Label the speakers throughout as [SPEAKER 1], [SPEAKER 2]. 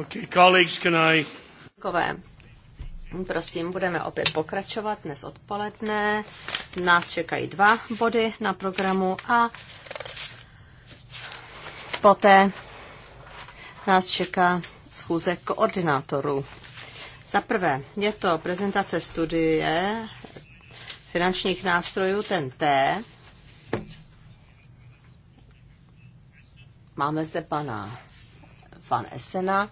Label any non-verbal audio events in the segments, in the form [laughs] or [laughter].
[SPEAKER 1] Okay, colleagues, can I... prosím, budeme opět pokračovat dnes odpoledne. Nás čekají dva body na programu a poté nás čeká schůze koordinátorů. Za prvé je to prezentace studie finančních nástrojů ten T. Máme zde pana Van Essena,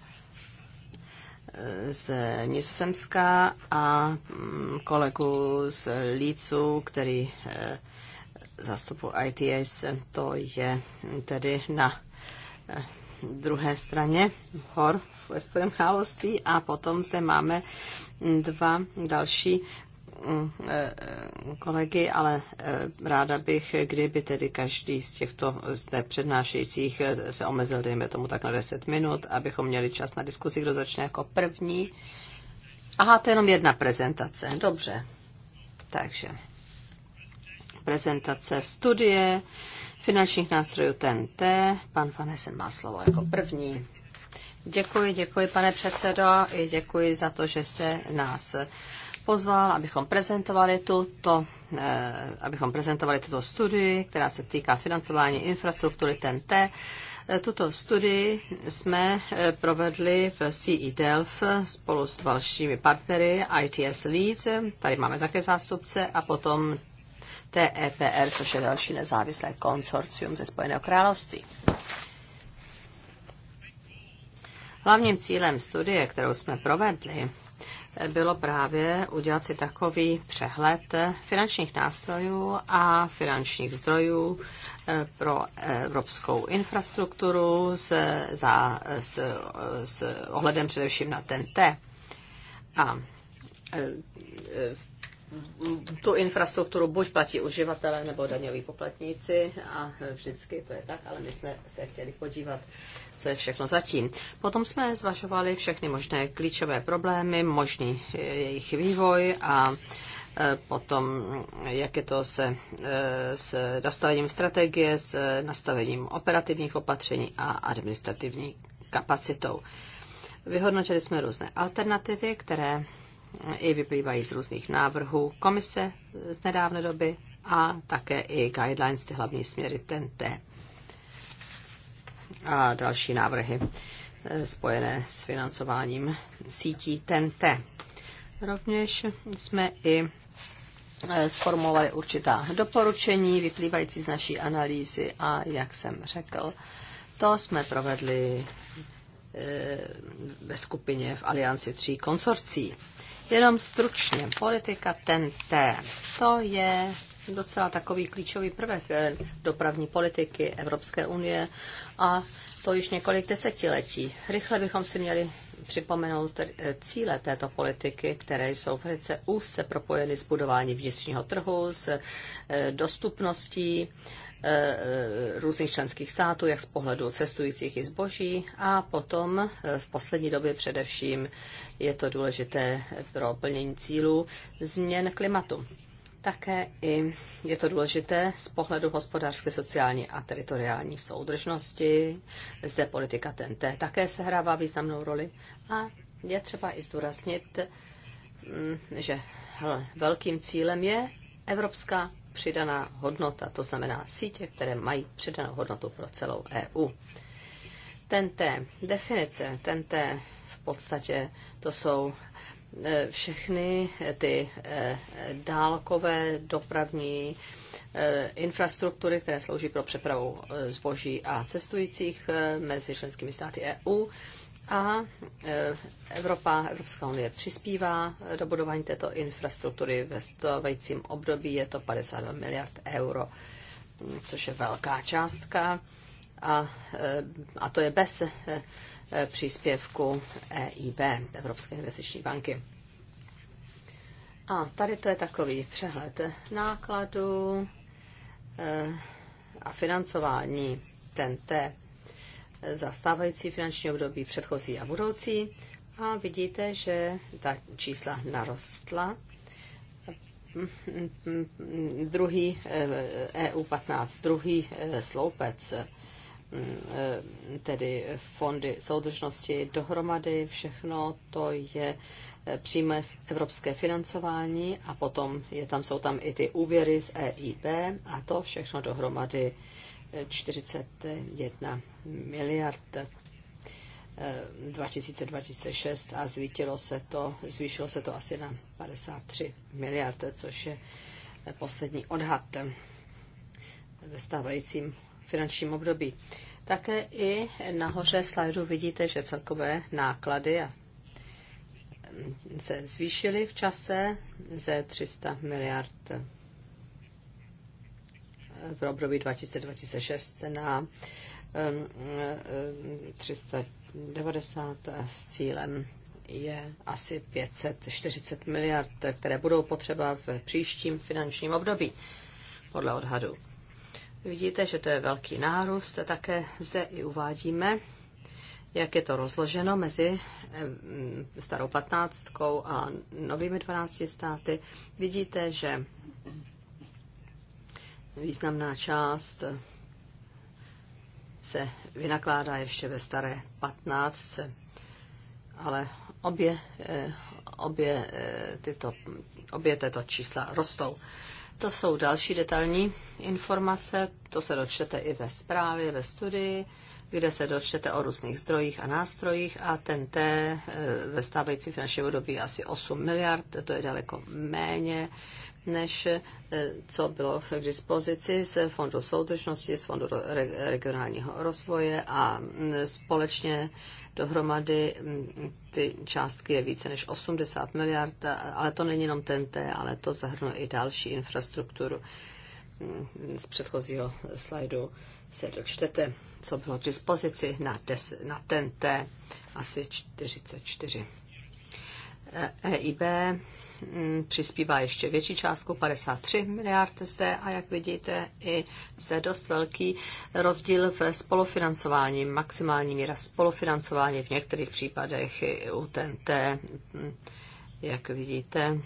[SPEAKER 1] z Nizozemska a mm, kolegu z Lícu, který eh, zastupuje ITS, to je tedy na eh, druhé straně hor ve Spojeném království a potom zde máme dva další Eh, kolegy, ale eh, ráda bych, kdyby tedy každý z těchto zde přednášejících eh, se omezil, dejme tomu tak na 10 minut, abychom měli čas na diskusi, kdo začne jako první. Aha, to je jenom jedna prezentace, dobře. Takže prezentace studie finančních nástrojů TNT. Pan Fanesen má slovo jako první. Děkuji, děkuji, pane předsedo, i děkuji za to, že jste nás pozval, abychom prezentovali tuto eh, abychom prezentovali tuto studii, která se týká financování infrastruktury TNT. Eh, tuto studii jsme eh, provedli v CE Delft spolu s dalšími partnery ITS Leeds, tady máme také zástupce, a potom TEPR, což je další nezávislé konsorcium ze Spojeného království. Hlavním cílem studie, kterou jsme provedli, bylo právě udělat si takový přehled finančních nástrojů a finančních zdrojů eh, pro evropskou infrastrukturu s, za, s, s ohledem především na TNT. A eh, eh, tu infrastrukturu buď platí uživatelé nebo daňoví poplatníci a vždycky to je tak, ale my jsme se chtěli podívat co je všechno zatím. Potom jsme zvažovali všechny možné klíčové problémy, možný eh, jejich vývoj a eh, potom jak je to se, eh, s nastavením strategie, s nastavením operativních opatření a administrativní kapacitou. Vyhodnotili jsme různé alternativy, které i vyplývají z různých návrhů komise z nedávné doby a také i guidelines, ty hlavní směry TNT a další návrhy eh, spojené s financováním sítí TNT. Rovněž jsme i eh, sformulovali určitá doporučení vyplývající z naší analýzy a jak jsem řekl, to jsme provedli eh, ve skupině v Alianci tří konsorcí. Jenom stručně, politika TNT, to je docela takový klíčový prvek eh, dopravní politiky Evropské unie a to již několik desetiletí. Rychle bychom si měli připomenout eh, cíle této politiky, které jsou velice úzce propojeny s budováním vnitřního trhu, s eh, dostupností různých členských států, jak z pohledu cestujících i zboží. A potom v poslední době především je to důležité pro plnění cílů změn klimatu. Také i je to důležité z pohledu hospodářské, sociální a teritoriální soudržnosti. Zde politika TNT také sehrává významnou roli a je třeba i zdůraznit, mm, že hele, velkým cílem je evropská přidaná hodnota, to znamená sítě, které mají přidanou hodnotu pro celou EU. TNT, definice TNT v podstatě to jsou E, všechny ty e, dálkové dopravní e, infrastruktury, které slouží pro přepravu zboží a cestujících mezi členskými státy EU. A Evropa, Evropská unie přispívá do budování této infrastruktury ve stávajícím období, je to 52 miliard euro, což je velká částka. A, a to je bez příspěvku EIB, Evropské investiční banky. A tady to je takový přehled nákladů eh, a financování TNT za stávající finanční období předchozí a budoucí. A vidíte, že ta čísla narostla. Druhý EU15, eh, e druhý eh, sloupec Eh, tedy fondy soudržnosti dohromady, všechno to je eh, přímé evropské financování a potom je tam, jsou tam i ty úvěry z EIB a to všechno dohromady 41 eh, miliard 2026 a zvítilo se to, zvýšilo se to asi na 53 miliard, což je poslední odhad ve stávajícím finančním období. Také i nahoře slajdu vidíte, že celkové náklady se zvýšily v čase ze 300 miliard v období 2026 na 390 um, um, s cílem je asi 540 miliard, které budou potřeba v příštím finančním období, podle odhadu. Vidíte, že to je velký nárůst. Také zde i uvádíme, jak je to rozloženo mezi starou patnáctkou a novými 12 státy. Vidíte, že významná část se vynakládá ještě ve staré patnáctce, ale obě, eh, obě, eh, tyto, obě tyto čísla rostou. To jsou další detailní informace, to se dočtete i ve zprávě, ve studii, kde se dočtete o různých zdrojích a nástrojích a ten T eh, ve stávající finanční období asi 8 miliard, to je daleko méně než eh, co bylo k dispozici z Fondu soudržnosti, z Fondu regionálního rozvoje a mm, společně dohromady mm, ty částky je více než 80 miliard, ale to není jenom TNT, ale to zahrnuje i další infrastrukturu. Mm, z předchozího slajdu se dočtete, co bylo k dispozici na, des, na TNT asi 44 EIB mm, přispívá ještě větší částku 53 miliard zde a jak vidíte i zde dost velký rozdíl v spolufinancování, maximální míra spolufinancování v některých případech i u TNT, jak vidíte,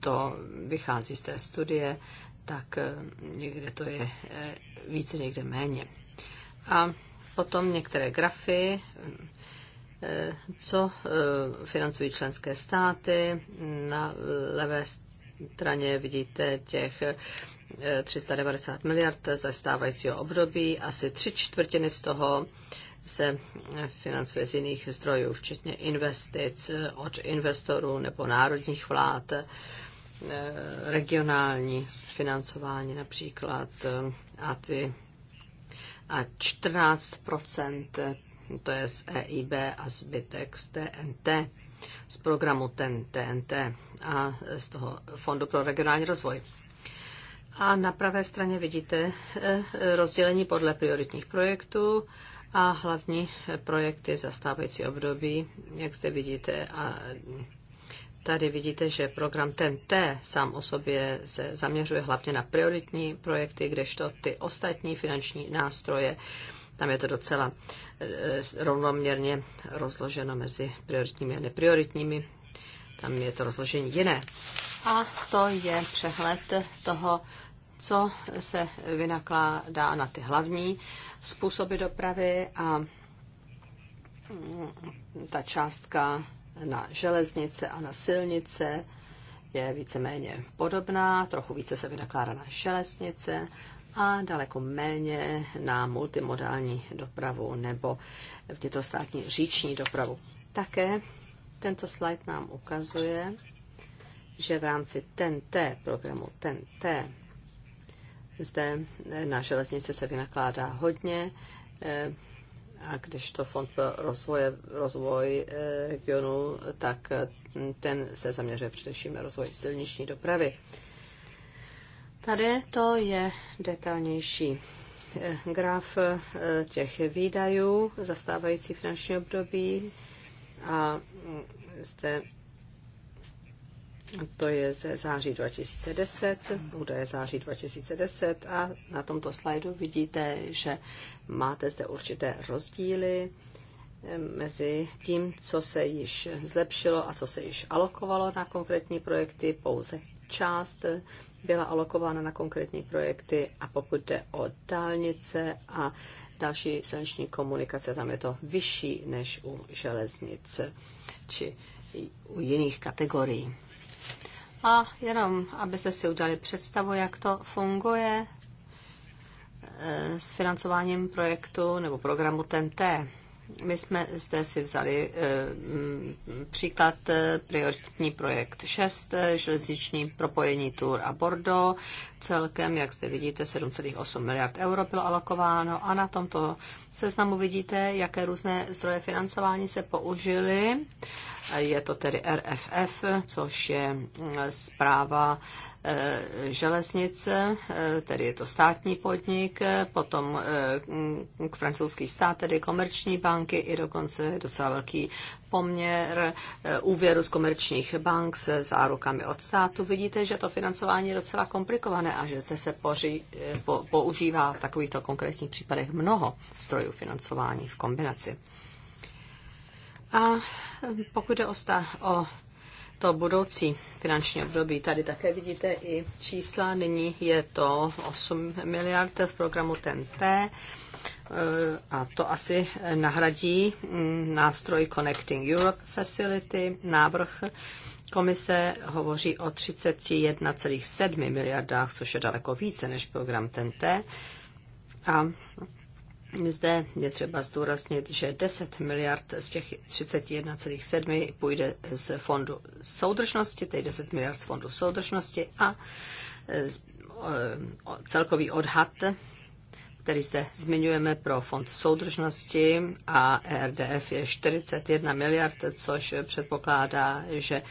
[SPEAKER 1] to vychází z té studie, tak mm, někde to je e, více, někde méně. A potom některé grafy, Eh, co eh, financují členské státy. Na levé straně vidíte těch 390 eh, miliard ze stávajícího období, asi tři čtvrtiny z toho se financuje z jiných zdrojů, včetně investic od investorů nebo národních vlád, regionální financování například a ty a 14 to je z EIB a zbytek z TNT, z programu TEN, TNT a z toho Fondu pro regionální rozvoj. A na pravé straně vidíte eh, rozdělení podle prioritních projektů a hlavní projekty za stávající období, jak zde vidíte. A tady vidíte, že program TNT sám o sobě se zaměřuje hlavně na prioritní projekty, kdežto ty ostatní finanční nástroje tam je to docela eh, rovnoměrně rozloženo mezi prioritními a neprioritními. Tam je to rozložení jiné. A to je přehled toho, co se vynakládá na ty hlavní způsoby dopravy a mm, ta částka na železnice a na silnice je víceméně podobná, trochu více se vynakládá na železnice a daleko méně na multimodální dopravu nebo vnitrostátní říční dopravu. Také tento slide nám ukazuje, že v rámci TNT programu TNT zde na železnici se vynakládá hodně eh, a když to Fond pro rozvoje, rozvoj eh, regionu, tak mm, ten se zaměřuje především na rozvoj silniční dopravy. Tady to je detailnější eh, graf eh, těch výdajů zastávající finanční období a mm, zde to je ze září 2010, je září 2010 a na tomto slajdu vidíte, že máte zde určité rozdíly eh, mezi tím, co se již zlepšilo a co se již alokovalo na konkrétní projekty, pouze část byla alokována na konkrétní projekty a pokud jde o dálnice a další silniční komunikace, tam je to vyšší než u železnic či u jiných kategorií. A jenom, abyste si udělali představu, jak to funguje eh, s financováním projektu nebo programu TNT. My jsme zde si vzali eh, příklad eh, prioritní projekt 6, eh, železniční propojení Tour a Bordeaux, Celkem, jak zde vidíte, 7,8 miliard euro bylo alokováno a na tomto seznamu vidíte, jaké různé zdroje financování se použily. Je to tedy RFF, což je mm, zpráva eh, železnice, eh, tedy je to státní podnik, potom k eh, mm, francouzský stát, tedy komerční banky i dokonce docela velký poměr eh, úvěru z komerčních bank s zárukami od státu. Vidíte, že to financování je docela komplikované a že se poři, eh, po, používá v takovýchto konkrétních případech mnoho strojů financování v kombinaci. A eh, pokud jde o, sta, o to budoucí finanční období, tady také vidíte i čísla. Nyní je to 8 miliard v programu TNT Eh, a to asi nahradí mm, nástroj Connecting Europe Facility. Návrh komise hovoří o 31,7 miliardách, což je daleko více než program TNT. A zde je třeba zdůraznit, že 10 miliard z těch 31,7 půjde z fondu soudržnosti, tedy 10 miliard z fondu soudržnosti a eh, celkový odhad který zde zmiňujeme pro fond soudržnosti a RDF je 41 miliard, což předpokládá, že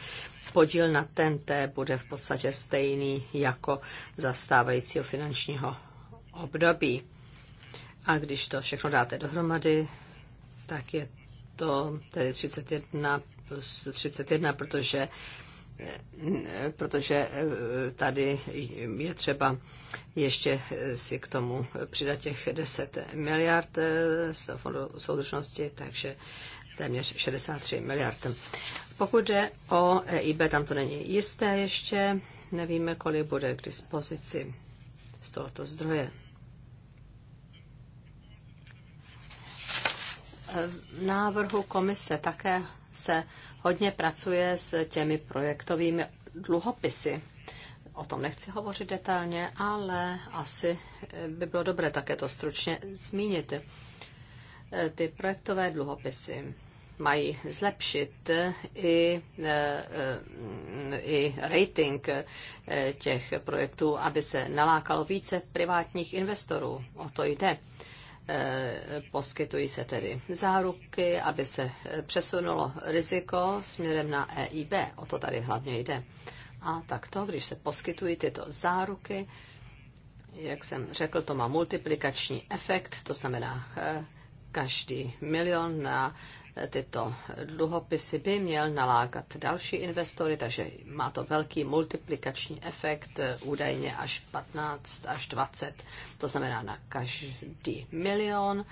[SPEAKER 1] podíl na TNT bude v podstatě stejný jako zastávajícího finančního období. A když to všechno dáte dohromady, tak je to tedy 31 plus 31, protože protože eh, tady je třeba ještě eh, si k tomu přidat těch 10 miliard eh, z fondu soudržnosti, takže téměř 63 miliard. Pokud jde o EIB, tam to není jisté ještě, nevíme, kolik bude k dispozici z tohoto zdroje. V návrhu komise také se hodně pracuje s těmi projektovými dluhopisy. O tom nechci hovořit detailně, ale asi by bylo dobré také to stručně zmínit. Ty projektové dluhopisy mají zlepšit i, i rating těch projektů, aby se nalákalo více privátních investorů. O to jde. Eh, poskytují se tedy záruky, aby se eh, přesunulo riziko směrem na EIB. O to tady hlavně jde. A takto, když se poskytují tyto záruky, jak jsem řekl, to má multiplikační efekt, to znamená eh, každý milion na tyto dluhopisy by měl nalákat další investory, takže má to velký multiplikační efekt, údajně až 15 až 20, to znamená na každý milion.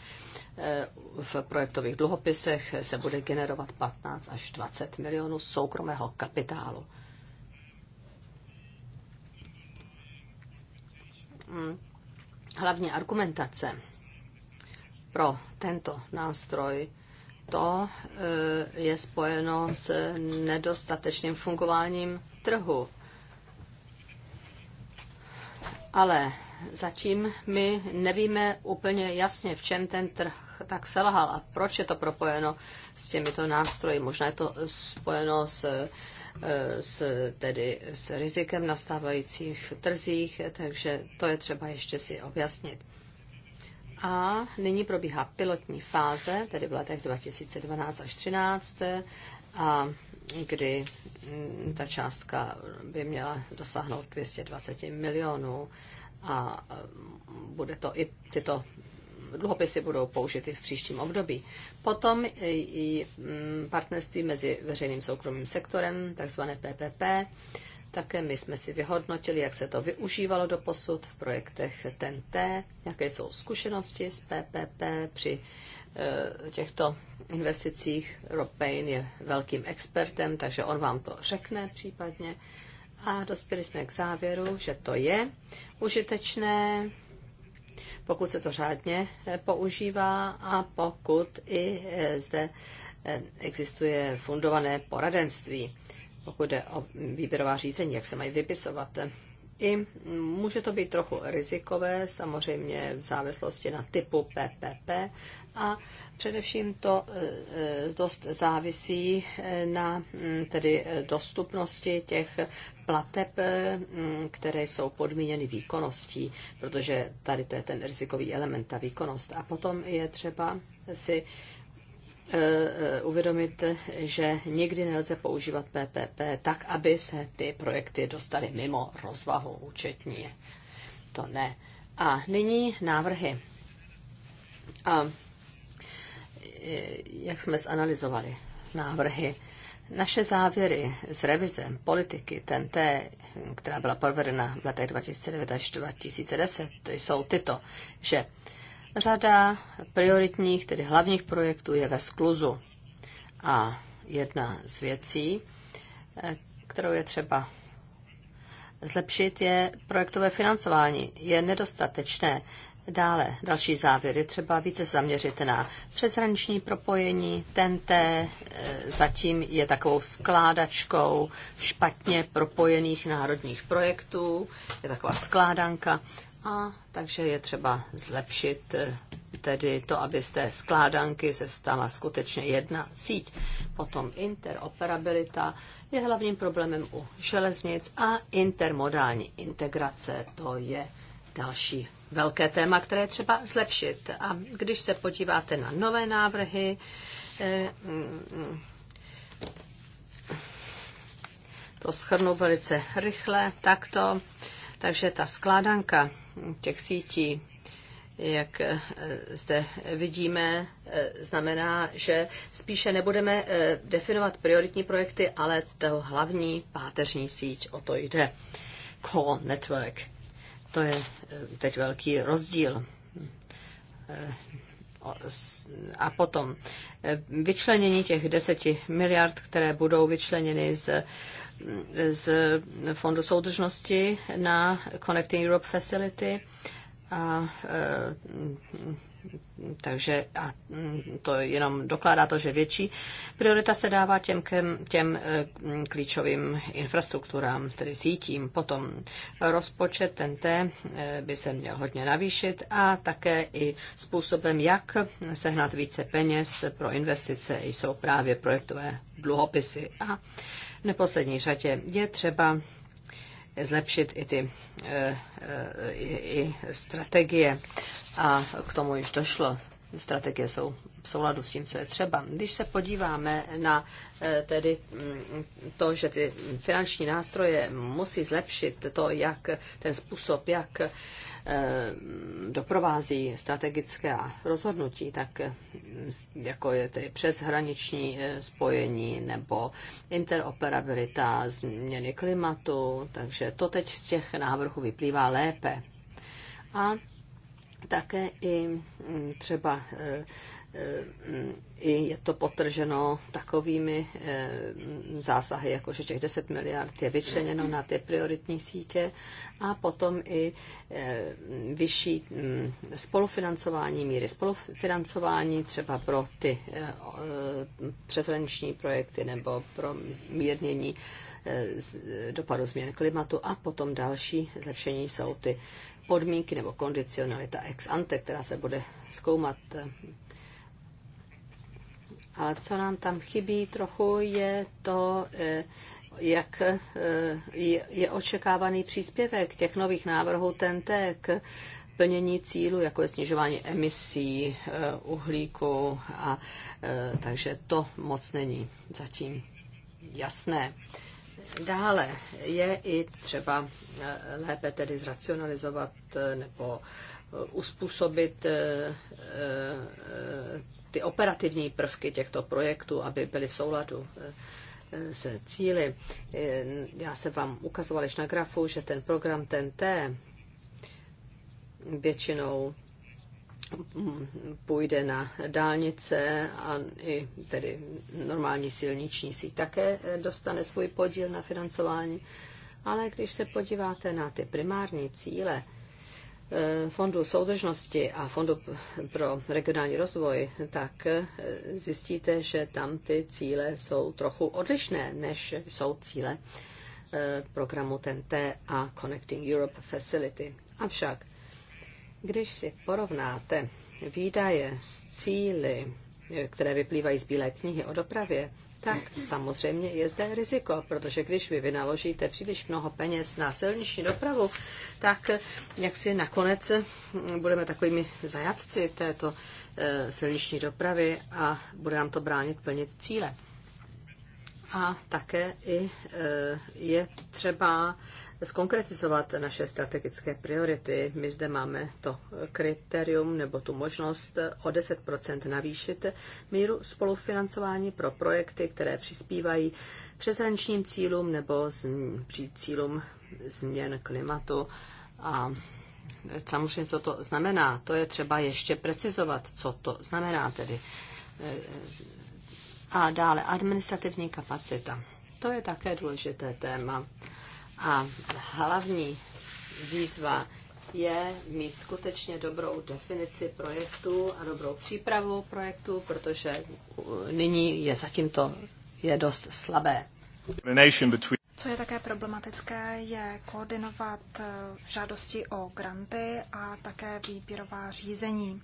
[SPEAKER 1] V projektových dluhopisech se bude generovat 15 až 20 milionů soukromého kapitálu. Hlavní argumentace pro tento nástroj to eh, je spojeno s nedostatečným fungováním trhu. Ale zatím my nevíme úplně jasně, v čem ten trh tak selhal a proč je to propojeno s těmito nástroji. Možná je to spojeno s, eh, s, tedy s rizikem na stávajících trzích, takže to je třeba ještě si objasnit. A nyní probíhá pilotní fáze, tedy v letech 2012 až 2013, a kdy mm, ta částka by měla dosáhnout 220 milionů a mm, bude to i tyto dluhopisy budou použity v příštím období. Potom i mm, partnerství mezi veřejným soukromým sektorem, takzvané PPP, také my jsme si vyhodnotili, jak se to využívalo do posud v projektech TNT, jaké jsou zkušenosti z PPP při eh, těchto investicích. Rob Payne je velkým expertem, takže on vám to řekne případně. A dospěli jsme k závěru, že to je užitečné, pokud se to řádně eh, používá a pokud i eh, zde existuje fundované poradenství pokud jde o výběrová řízení, jak se mají vypisovat. I může to být trochu rizikové, samozřejmě v závislosti na typu PPP a především to eh, dost závisí eh, na hm, tedy eh, dostupnosti těch plateb, hm, které jsou podmíněny výkonností, protože tady to je ten rizikový element, ta výkonnost. A potom je třeba si Eh, eh, uvědomit, že nikdy nelze používat PPP tak, aby se ty projekty dostaly mimo rozvahu účetní. To ne. A nyní návrhy. A eh, jak jsme zanalizovali návrhy? Naše závěry z revize politiky TNT, která byla provedena v letech 2009 až 2010, jsou tyto, že Řada prioritních, tedy hlavních projektů je ve skluzu. A jedna z věcí, eh, kterou je třeba zlepšit, je projektové financování. Je nedostatečné. Dále, další závěry, třeba více zaměřit na přeshraniční propojení. TNT eh, zatím je takovou skládačkou špatně propojených národních projektů, je taková skládanka, a takže je třeba zlepšit eh, tedy to, aby z té skládanky se stala skutečně jedna síť. Potom interoperabilita je hlavním problémem u železnic a intermodální integrace, to je další velké téma, které je třeba zlepšit. A když se podíváte na nové návrhy, eh, mm, mm, to schrnu velice rychle, takto. Takže ta skládanka těch sítí, jak eh, zde vidíme, eh, znamená, že spíše nebudeme eh, definovat prioritní projekty, ale to hlavní páteřní síť, o to jde. Core network. To je teď velký rozdíl. A potom vyčlenění těch deseti miliard, které budou vyčleněny z z Fondu soudržnosti na Connecting Europe Facility. A, e, takže a mm, to jenom dokládá to, že větší priorita se dává těm, těm e, klíčovým infrastrukturám, tedy sítím. Potom rozpočet TNT e, by se měl hodně navýšit a také i způsobem, jak sehnat více peněz pro investice, jsou právě projektové dluhopisy. A neposlední řadě je třeba zlepšit i ty eh, eh, i, i strategie a k tomu již došlo. Strategie jsou v souladu s tím, co je třeba. Když se podíváme na eh, tedy mm, to, že ty finanční nástroje musí zlepšit to, jak ten způsob, jak Eh, doprovází strategické rozhodnutí, tak eh, jako je tedy přeshraniční eh, spojení nebo interoperabilita, změny klimatu, takže to teď z těch návrhů vyplývá lépe. A také i mm, třeba je to potrženo takovými eh, zásahy, jako že těch 10 miliard je vyčleněno na ty prioritní sítě a potom i eh, vyšší mm, spolufinancování, míry spolufinancování třeba pro ty eh, přeshraniční projekty nebo pro mírnění dopadu změn klimatu a potom další zlepšení jsou ty podmínky nebo kondicionalita ex ante, která se bude zkoumat ale co nám tam chybí trochu, je to, eh, jak eh, je očekávaný příspěvek těch nových návrhů TNT k plnění cílu, jako je snižování emisí eh, uhlíku. A, takže to moc není zatím jasné. Dále je i třeba lépe tedy zracionalizovat nebo uspůsobit ty operativní prvky těchto projektů, aby byly v souladu eh, eh, s cíly. Eh, já se vám ukazoval již na grafu, že ten program TNT většinou mm, půjde na dálnice a i tedy normální silniční síť také dostane svůj podíl na financování. Ale když se podíváte na ty primární cíle, Eh, Fondu soudržnosti a Fondu pro regionální rozvoj, tak eh, zjistíte, že tam ty cíle jsou trochu odlišné, než jsou cíle eh, programu TNT a Connecting Europe Facility. Avšak, když si porovnáte výdaje s cíly, které vyplývají z Bílé knihy o dopravě, tak samozřejmě je zde riziko, protože když vy vynaložíte příliš mnoho peněz na silniční dopravu, tak jak si nakonec budeme takovými zajatci této eh, silniční dopravy a bude nám to bránit plnit cíle. A také i eh, je třeba zkonkretizovat naše strategické priority. My zde máme to kritérium nebo tu možnost o 10 navýšit míru spolufinancování pro projekty, které přispívají přeshraničním cílům nebo cílům změn klimatu. A samozřejmě, co to znamená, to je třeba ještě precizovat, co to znamená tedy. A dále administrativní kapacita. To je také důležité téma a hlavní výzva je mít skutečně dobrou definici projektu a dobrou přípravu projektu, protože uh, nyní je zatím to je dost slabé. Co je také
[SPEAKER 2] problematické, je koordinovat uh, žádosti o granty a také výběrová řízení.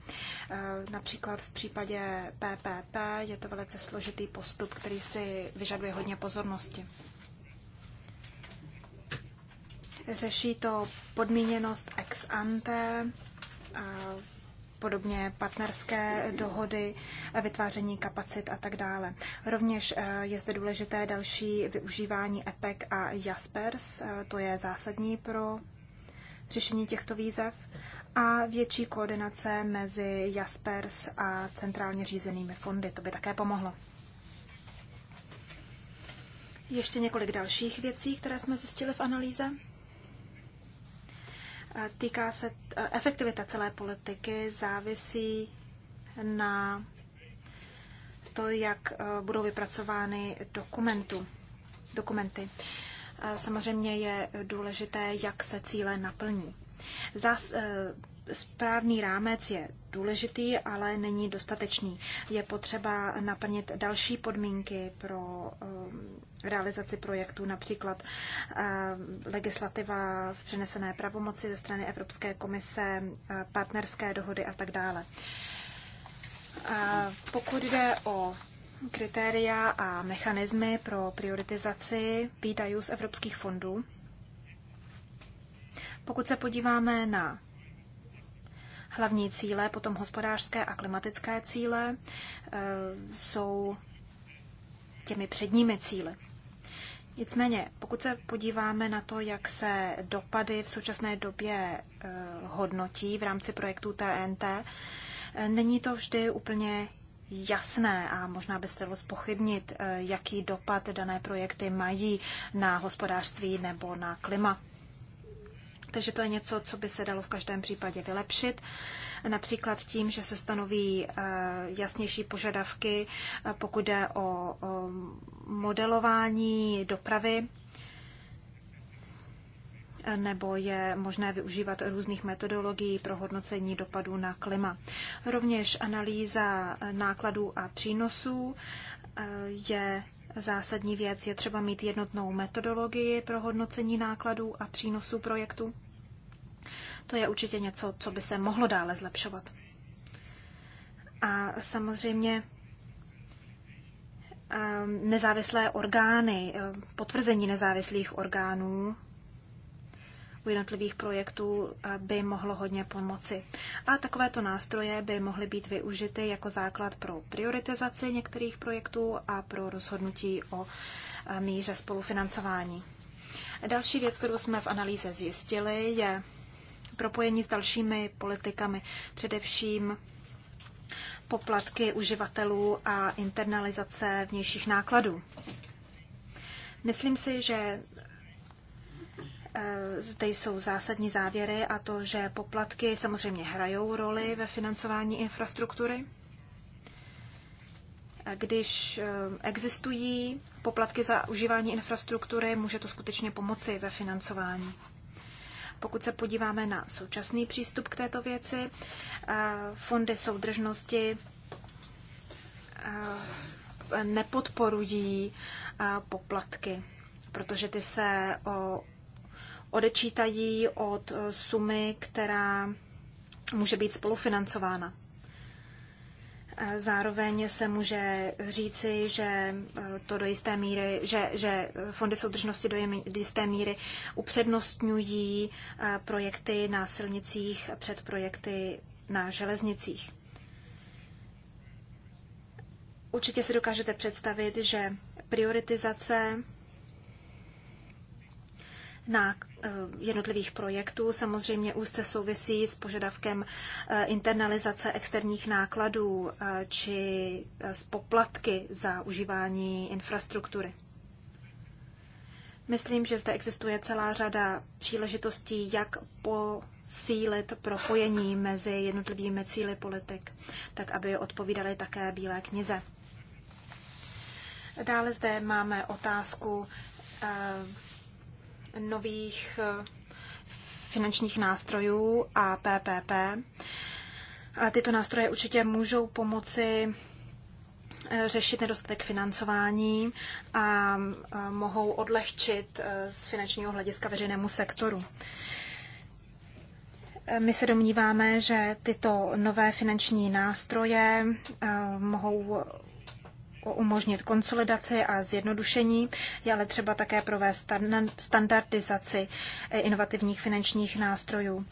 [SPEAKER 2] Uh, například v případě PPP je to velice složitý postup, který si vyžaduje hodně pozornosti. Řeší to podmíněnost ex ante, podobně partnerské dohody, vytváření kapacit a tak dále. Rovněž e, je zde důležité další využívání EPEC a JASPERS, e, to je zásadní pro řešení těchto výzev a větší koordinace mezi JASPERS a centrálně řízenými fondy. To by také pomohlo. Ještě několik dalších věcí, které jsme zjistili v analýze. Týká se e, efektivita celé politiky, závisí na to, jak e, budou vypracovány dokumentu, dokumenty. Samozřejmě je důležité, jak se cíle naplní. Zas, e, správný rámec je důležitý, ale není dostatečný. Je potřeba naplnit další podmínky pro um, realizaci projektů, například um, legislativa v přenesené pravomoci ze strany Evropské komise, uh, partnerské dohody a tak dále. Uh, pokud jde o kritéria a mechanismy pro prioritizaci výdajů z evropských fondů, pokud se podíváme na hlavní cíle, potom hospodářské a klimatické cíle e, jsou těmi předními cíly. Nicméně, pokud se podíváme na to, jak se dopady v současné době e, hodnotí v rámci projektu TNT, e, není to vždy úplně jasné a možná by se dalo jaký dopad dané projekty mají na hospodářství nebo na klima. Takže to je něco, co by se dalo v každém případě vylepšit. Například tím, že se stanoví eh, jasnější požadavky, eh, pokud jde o modelování dopravy nebo je možné využívat různých metodologií pro hodnocení dopadů na klima. Rovněž analýza nákladů a přínosů eh, je Zásadní věc je třeba mít jednotnou metodologii pro hodnocení nákladů a přínosů projektu. To je určitě něco, co by se mohlo dále zlepšovat. A samozřejmě ehm, nezávislé orgány, ehm, potvrzení nezávislých orgánů u jednotlivých projektů eh, by mohlo hodně pomoci. A takovéto nástroje by mohly být využity jako základ pro prioritizaci některých projektů a pro rozhodnutí o eh, míře spolufinancování. Další věc, kterou jsme v analýze zjistili, je propojení s dalšími politikami, především poplatky uživatelů a internalizace vnějších nákladů. Myslím si, že Eh, zde jsou zásadní závěry a to, že poplatky samozřejmě hrajou roli ve financování infrastruktury. Eh, když eh, existují poplatky za užívání infrastruktury, může to skutečně pomoci ve financování. Pokud se podíváme na současný přístup k této věci, fondy soudržnosti nepodporují poplatky, protože ty se odečítají od eh, sumy, která může být spolufinancována. Zároveň se může říci, že eh, to do jisté míry, že, že fondy soudržnosti do jisté míry upřednostňují eh, projekty na silnicích před projekty na železnicích. Určitě si dokážete představit, že prioritizace na eh, jednotlivých projektů samozřejmě úzce souvisí s požadavkem eh, internalizace externích nákladů eh, či s poplatky za užívání infrastruktury. Myslím, že zde existuje celá řada příležitostí, jak posílit propojení mezi jednotlivými cíly politik, tak aby odpovídaly také Bílé knize. Dále zde máme otázku nových eh, finančních nástrojů a PPP. A tyto nástroje určitě můžou pomoci eh, řešit nedostatek financování a eh, mohou odlehčit z finančního hlediska veřejnému sektoru. My se domníváme, že tyto nové finanční nástroje mohou umožnit konsolidaci a zjednodušení, je ale třeba také provést standardizaci eh, inovativních finančních nástrojů.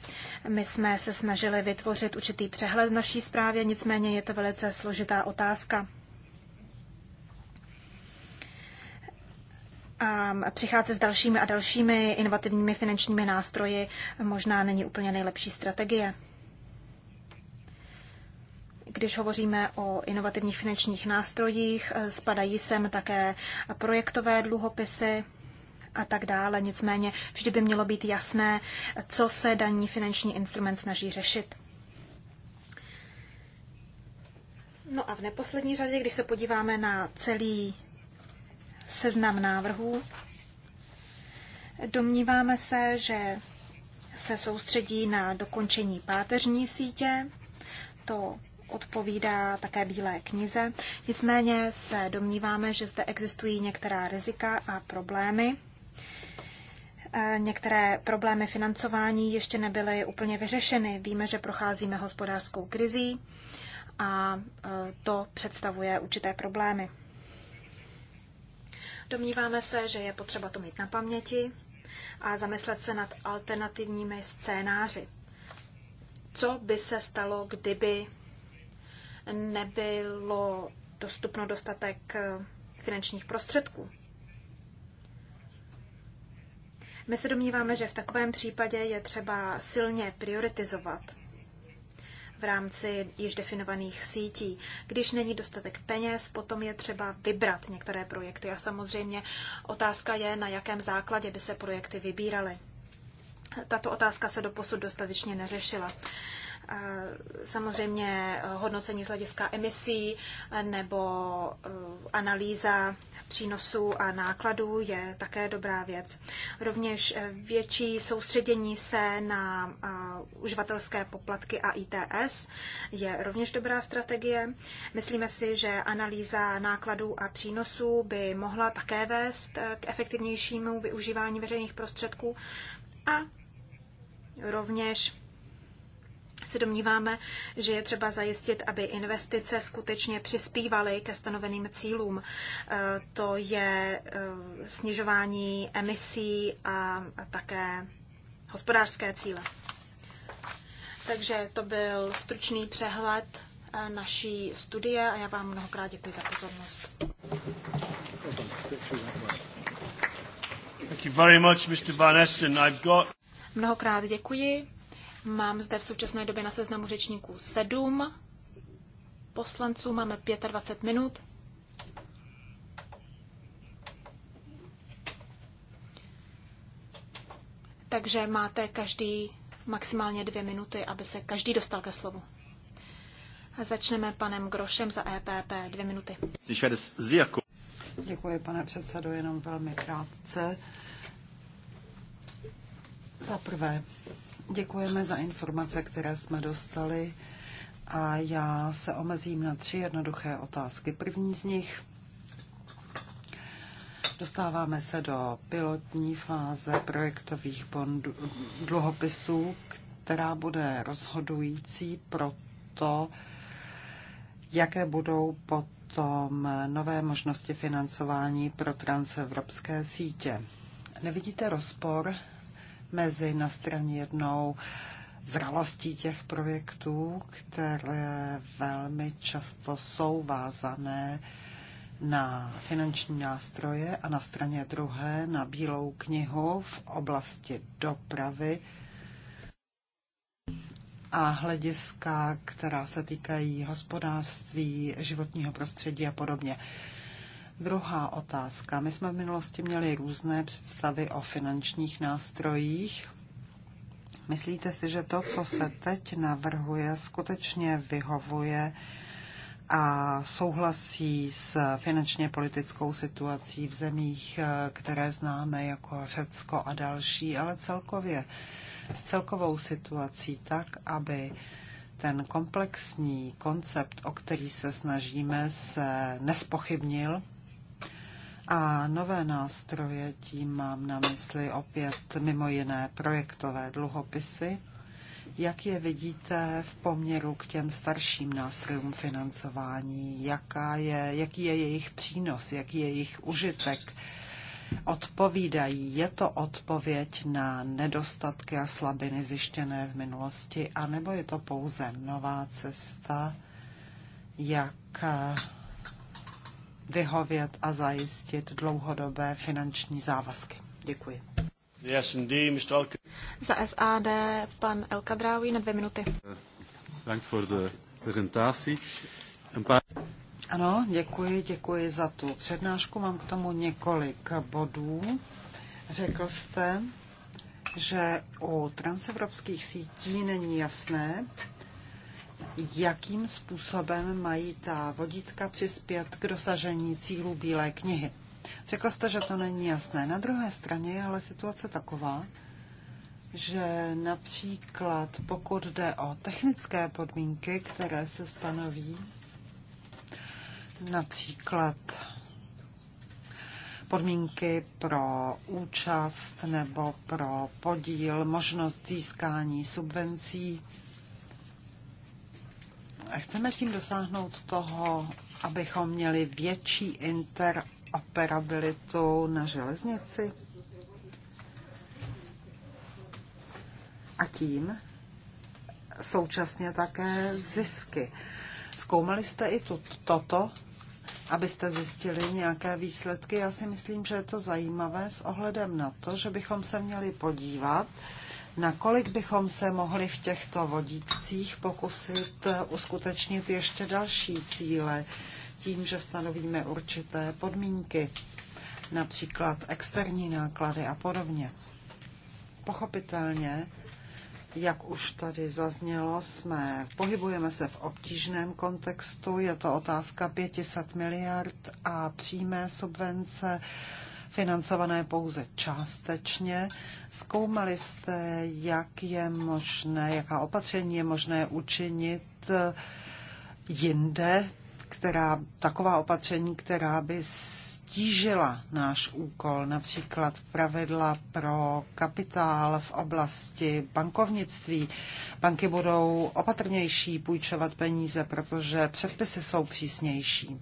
[SPEAKER 2] My jsme se snažili vytvořit určitý přehled v naší zprávě, nicméně je to velice složitá otázka. A přicházet s dalšími a dalšími inovativními finančními nástroji možná není úplně nejlepší strategie. Když hovoříme o inovativních finančních nástrojích, eh, spadají sem také projektové dluhopisy a tak dále. Nicméně vždy by mělo být jasné, co se daní finanční instrument snaží řešit. No a v neposlední řadě, když se podíváme na celý seznam návrhů, domníváme se, že se soustředí na dokončení páteřní sítě. To odpovídá také Bílé knize. Nicméně se domníváme, že zde existují některá rizika a problémy. E, některé problémy financování ještě nebyly úplně vyřešeny. Víme, že procházíme hospodářskou krizí a e, to představuje určité problémy. Domníváme se, že je potřeba to mít na paměti a zamyslet se nad alternativními scénáři. Co by se stalo, kdyby nebylo dostupno dostatek eh, finančních prostředků. My se domníváme, že v takovém případě je třeba silně prioritizovat v rámci již definovaných sítí. Když není dostatek peněz, potom je třeba vybrat některé projekty. A samozřejmě otázka je, na jakém základě by se projekty vybíraly. Tato otázka se do posud dostatečně neřešila samozřejmě hodnocení z hlediska emisí nebo eh, analýza přínosů a nákladů je také dobrá věc. Rovněž eh, větší soustředění se na eh, uživatelské poplatky a ITS je rovněž dobrá strategie. Myslíme si, že analýza nákladů a přínosů by mohla také vést k efektivnějšímu využívání veřejných prostředků a rovněž se domníváme, že je třeba zajistit, aby investice skutečně přispívaly ke stanoveným cílům. E, to je e, snižování emisí a také hospodářské cíle. Takže to byl stručný přehled e, naší studie a já vám mnohokrát děkuji za pozornost.
[SPEAKER 1] Thank you very much, Mr. Van Essen. I've got...
[SPEAKER 2] Mnohokrát děkuji. Mám zde v současné době na seznamu řečníků sedm poslanců, máme 25 minut. Takže máte každý maximálně dvě minuty, aby se každý dostal ke slovu. A začneme panem Grošem za EPP. Dvě minuty.
[SPEAKER 3] Děkuji, pane předsedo, jenom velmi krátce. Za prvé, Děkujeme za informace, které jsme dostali a já se omezím na tři jednoduché otázky. První z nich. Dostáváme se do pilotní fáze projektových bondů, dluhopisů, která bude rozhodující pro to, jaké budou potom nové možnosti financování pro transevropské sítě. Nevidíte rozpor mezi na straně jednou zralostí těch projektů, které velmi často jsou vázané na finanční nástroje a na straně druhé na bílou knihu v oblasti dopravy a hlediska, která se týkají hospodářství, životního prostředí a podobně. Druhá otázka. My jsme v minulosti měli různé představy o finančních nástrojích. Myslíte si, že to, co se teď navrhuje, skutečně vyhovuje a souhlasí s finančně politickou situací v zemích, které známe jako Řecko a další, ale celkově s celkovou situací tak, aby ten komplexní koncept, o který se snažíme, se nespochybnil a nové nástroje, tím mám na mysli opět mimo jiné projektové dluhopisy, jak je vidíte v poměru k těm starším nástrojům financování? Jaká je, jaký je jejich přínos? Jaký je jejich užitek? Odpovídají? Je to odpověď na nedostatky a slabiny zjištěné v minulosti? A nebo je to pouze nová cesta, jak
[SPEAKER 2] vyhovět
[SPEAKER 3] a zajistit dlouhodobé finanční závazky. Děkuji.
[SPEAKER 1] Yes, indeed, Mr. Al-
[SPEAKER 2] Za SAD pan Kadraoui na dvě minuty.
[SPEAKER 3] Dank for the presentation. Ano, děkuji, děkuji za tu přednášku. Mám k tomu několik bodů. Řekl jste, že u transevropských sítí není jasné, jakým způsobem mají ta vodítka přispět k dosažení cílů Bílé knihy. Řekl jste, že to není jasné. Na druhé straně je ale situace taková, že například pokud jde o technické podmínky, které se stanoví, například podmínky pro účast nebo pro podíl, možnost získání subvencí, Chceme tím dosáhnout toho, abychom měli větší interoperabilitu na železnici? A tím současně také zisky. Zkoumali jste i tu, toto, abyste zjistili nějaké výsledky? Já si myslím, že je to zajímavé s ohledem na to, že bychom se měli podívat, nakolik bychom se mohli v těchto vodících pokusit uskutečnit ještě další cíle tím, že stanovíme určité podmínky, například externí náklady a podobně. Pochopitelně, jak už tady zaznělo, jsme, pohybujeme se v obtížném kontextu, je to otázka 500 miliard a přímé subvence financované pouze částečně. Zkoumali jste, jak je možné, jaká opatření je možné učinit eh, jinde, která, taková opatření, která by stížila náš úkol, například pravidla pro kapitál v oblasti bankovnictví. Banky budou opatrnější půjčovat peníze, protože předpisy jsou přísnější.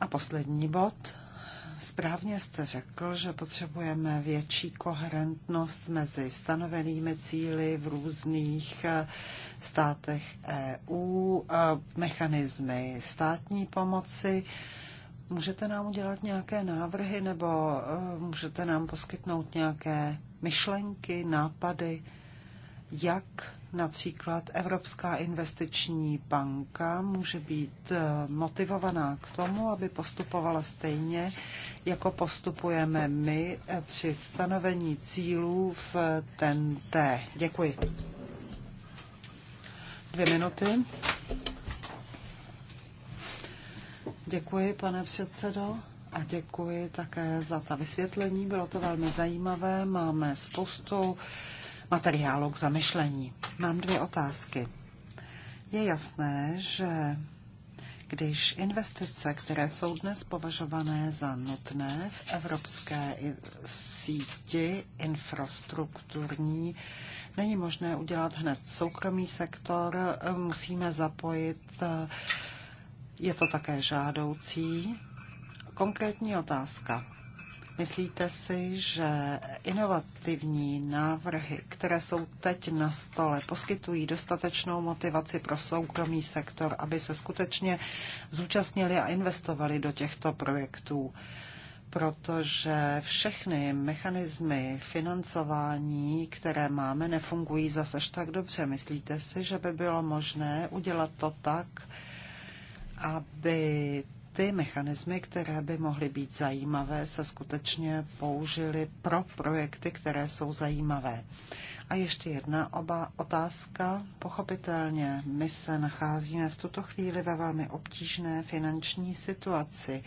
[SPEAKER 3] A poslední bod. Správně jste řekl, že potřebujeme větší koherentnost mezi stanovenými cíly v různých eh, státech EU, eh, mechanismy státní pomoci. Můžete nám udělat nějaké návrhy nebo eh, můžete nám poskytnout nějaké myšlenky, nápady, jak Například Evropská investiční banka může být eh, motivovaná k tomu, aby postupovala stejně, jako postupujeme my eh, při stanovení cílů v TNT. Děkuji. Dvě minuty. Děkuji, pane předsedo, a děkuji také za ta vysvětlení. Bylo to velmi zajímavé. Máme spoustu materiálu k zamyšlení. Mám dvě otázky. Je jasné, že když investice, které jsou dnes považované za nutné v evropské síti infrastrukturní, není možné udělat hned soukromý sektor, musíme zapojit, je to také žádoucí. Konkrétní otázka. Myslíte si, že inovativní návrhy, které jsou teď na stole, poskytují dostatečnou motivaci pro soukromý sektor, aby se skutečně zúčastnili a investovali do těchto projektů? protože všechny mechanismy financování, které máme, nefungují zase tak dobře. Myslíte si, že by bylo možné udělat to tak, aby ty mechanismy, které by mohly být zajímavé, se skutečně použily pro projekty, které jsou zajímavé. A ještě jedna oba otázka. Pochopitelně, my se nacházíme v tuto chvíli ve velmi obtížné finanční situaci.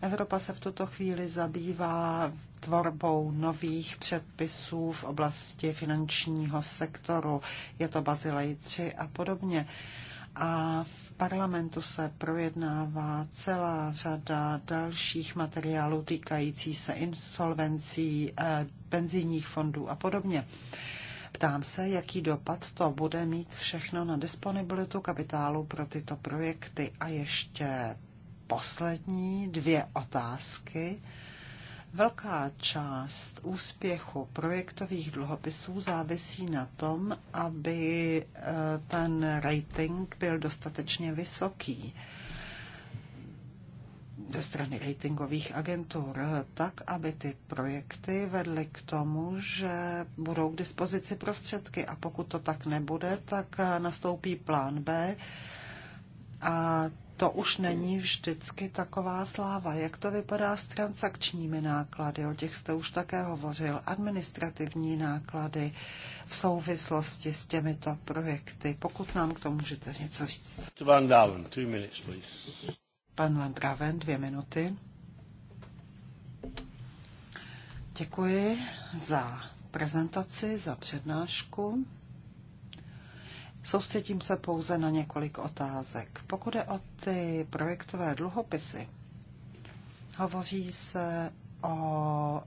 [SPEAKER 3] Evropa se v tuto chvíli zabývá tvorbou nových předpisů v oblasti finančního sektoru, je to Bazilej 3 a podobně. Uh, a v parlamentu se projednává celá řada dalších materiálů týkající se insolvencí, eh, penzijních fondů a podobně. Ptám se, jaký dopad to bude mít všechno na disponibilitu kapitálu pro tyto projekty. A ještě poslední dvě otázky Velká část úspěchu projektových dluhopisů závisí na tom, aby eh, ten rating byl dostatečně vysoký ze strany ratingových agentur, tak, aby ty projekty vedly k tomu, že budou k dispozici prostředky. A pokud to tak nebude, tak eh, nastoupí plán B a to už není vždycky taková sláva. Jak to vypadá s transakčními náklady? O těch jste už také hovořil. Administrativní náklady v souvislosti s těmito projekty. Pokud nám k tomu můžete něco říct.
[SPEAKER 1] Van Dalen, two minutes, please.
[SPEAKER 3] Pan Van Draven, dvě minuty. Děkuji za prezentaci, za přednášku. Soustředím se pouze na několik otázek. Pokud je o ty projektové dluhopisy, hovoří se o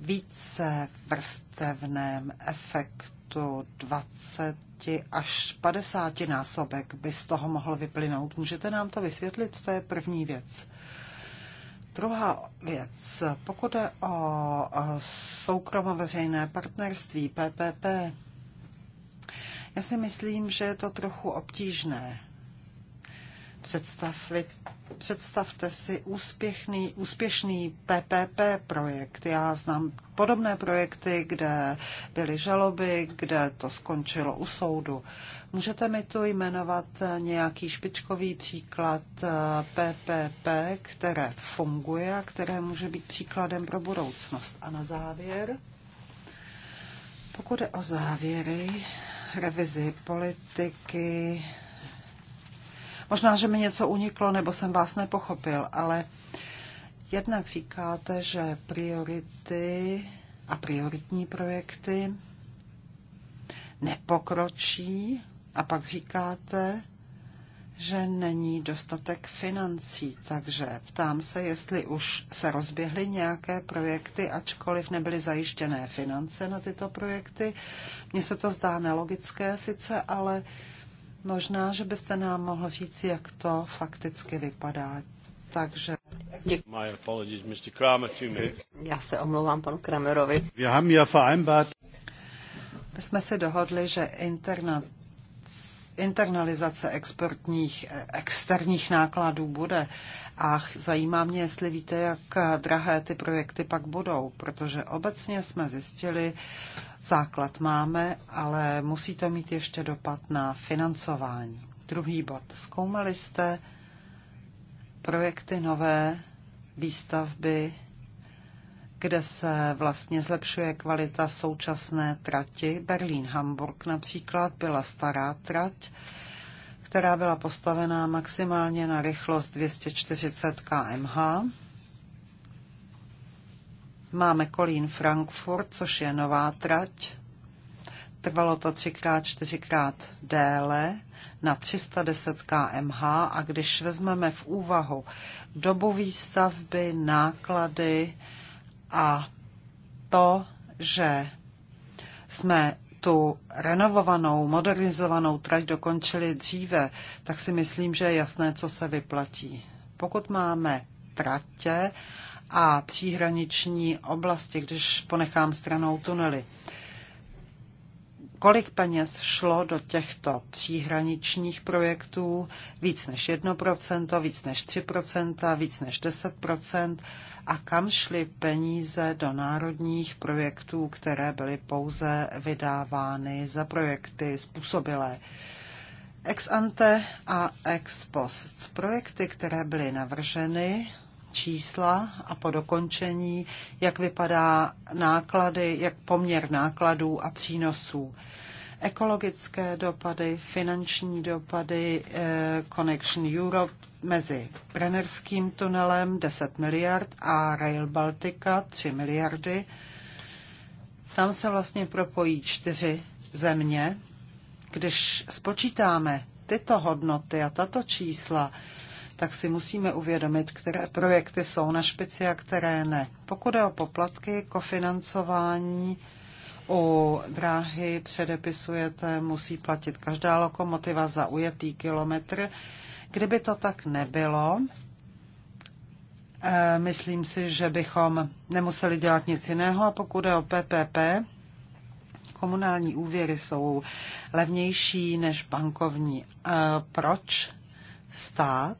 [SPEAKER 3] více vrstevném efektu 20 až 50 násobek by z toho mohl vyplynout. Můžete nám to vysvětlit? To je první věc. Druhá věc, pokud je o soukromo-veřejné partnerství PPP, já si myslím, že je to trochu obtížné. Představit, představte si úspěšný, úspěšný PPP projekt. Já znám podobné projekty, kde byly žaloby, kde to skončilo u soudu. Můžete mi tu jmenovat nějaký špičkový příklad PPP, eh, které funguje a které může být příkladem pro budoucnost. A na závěr, pokud je o závěry, revizi politiky. Možná, že mi něco uniklo, nebo jsem vás nepochopil, ale jednak říkáte, že priority a prioritní projekty nepokročí a pak říkáte, že není dostatek financí. Takže ptám se, jestli už se rozběhly nějaké projekty, ačkoliv nebyly zajištěné finance na tyto projekty. Mně se to zdá nelogické sice, ale možná, že byste nám mohl říct, jak to fakticky vypadá. Takže... Já se omlouvám panu Kramerovi. My jsme se dohodli, že internet internalizace exportních, eh, externích nákladů bude. A zajímá mě, jestli víte, jak drahé ty projekty pak budou, protože obecně jsme zjistili, základ máme, ale musí to mít ještě dopad na financování. Druhý bod. Zkoumali jste projekty nové výstavby kde se vlastně zlepšuje kvalita současné trati. Berlín-Hamburg například byla stará trať, která byla postavená maximálně na rychlost 240 kmh. Máme Kolín Frankfurt, což je nová trať. Trvalo to třikrát, čtyřikrát déle na 310 kmh a když vezmeme v úvahu dobu výstavby, náklady, a to, že jsme tu renovovanou, modernizovanou trať dokončili dříve, tak si myslím, že je jasné, co se vyplatí. Pokud máme tratě a příhraniční oblasti, když ponechám stranou tunely, kolik peněz šlo do těchto příhraničních projektů, víc než 1%, víc než 3%, víc než 10% a kam šly peníze do národních projektů, které byly pouze vydávány za projekty způsobilé ex ante a ex post. Projekty, které byly navrženy, čísla a po dokončení, jak vypadá náklady, jak poměr nákladů a přínosů. Ekologické dopady, finanční dopady, eh, Connection Europe mezi Brennerským tunelem 10 miliard a Rail Baltica 3 miliardy. Tam se vlastně propojí čtyři země. Když spočítáme tyto hodnoty a tato čísla, tak si musíme uvědomit, které projekty jsou na špici a které ne. Pokud je o poplatky, kofinancování, u dráhy předepisujete, musí platit každá lokomotiva za ujetý kilometr. Kdyby to tak nebylo, eh, myslím si, že bychom nemuseli dělat nic jiného. A pokud je o PPP, komunální úvěry jsou levnější než bankovní. Eh, proč stát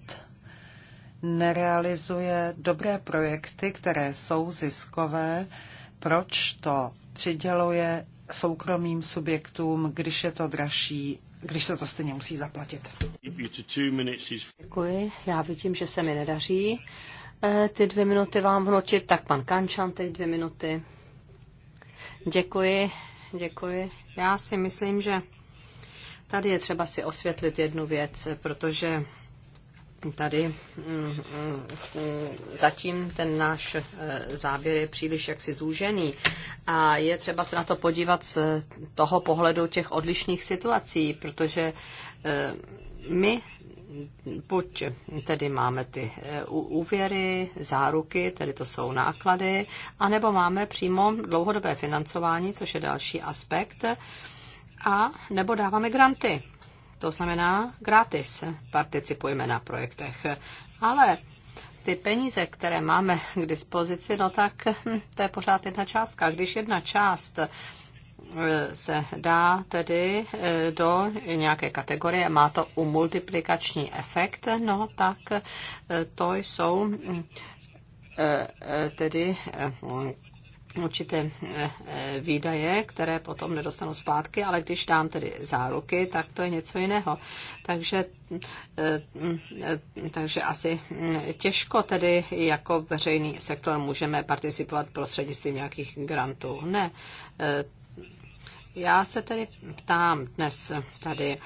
[SPEAKER 3] nerealizuje dobré projekty, které jsou ziskové, proč to přiděluje soukromým subjektům, když je to dražší, když se to stejně musí zaplatit.
[SPEAKER 1] Děkuji, já vidím, že se mi nedaří eh, ty dvě minuty vám vnutit, tak pan Kančan teď dvě minuty. Děkuji, děkuji. Já si myslím, že tady je třeba si osvětlit jednu věc, protože tady mm, mm, zatím ten náš eh, záběr je příliš jaksi zúžený a je třeba se na to podívat z toho pohledu těch odlišných situací, protože eh, my buď tedy máme ty eh, úvěry, záruky, tedy to jsou náklady, anebo máme přímo dlouhodobé financování, což je další aspekt, a nebo dáváme granty. To znamená, gratis participujeme na projektech. Ale ty peníze, které máme k dispozici, no tak hm, to je pořád jedna částka. Když jedna část e, se dá tedy e, do nějaké kategorie, má to u multiplikační efekt, no tak e, to jsou hm, tedy určité eh, eh, výdaje, které potom nedostanu zpátky, ale když dám tedy záruky, tak to je něco jiného. Takže, eh, takže asi mm, těžko tedy jako veřejný sektor můžeme participovat prostřednictvím nějakých grantů. Ne. Já se tedy ptám dnes tady,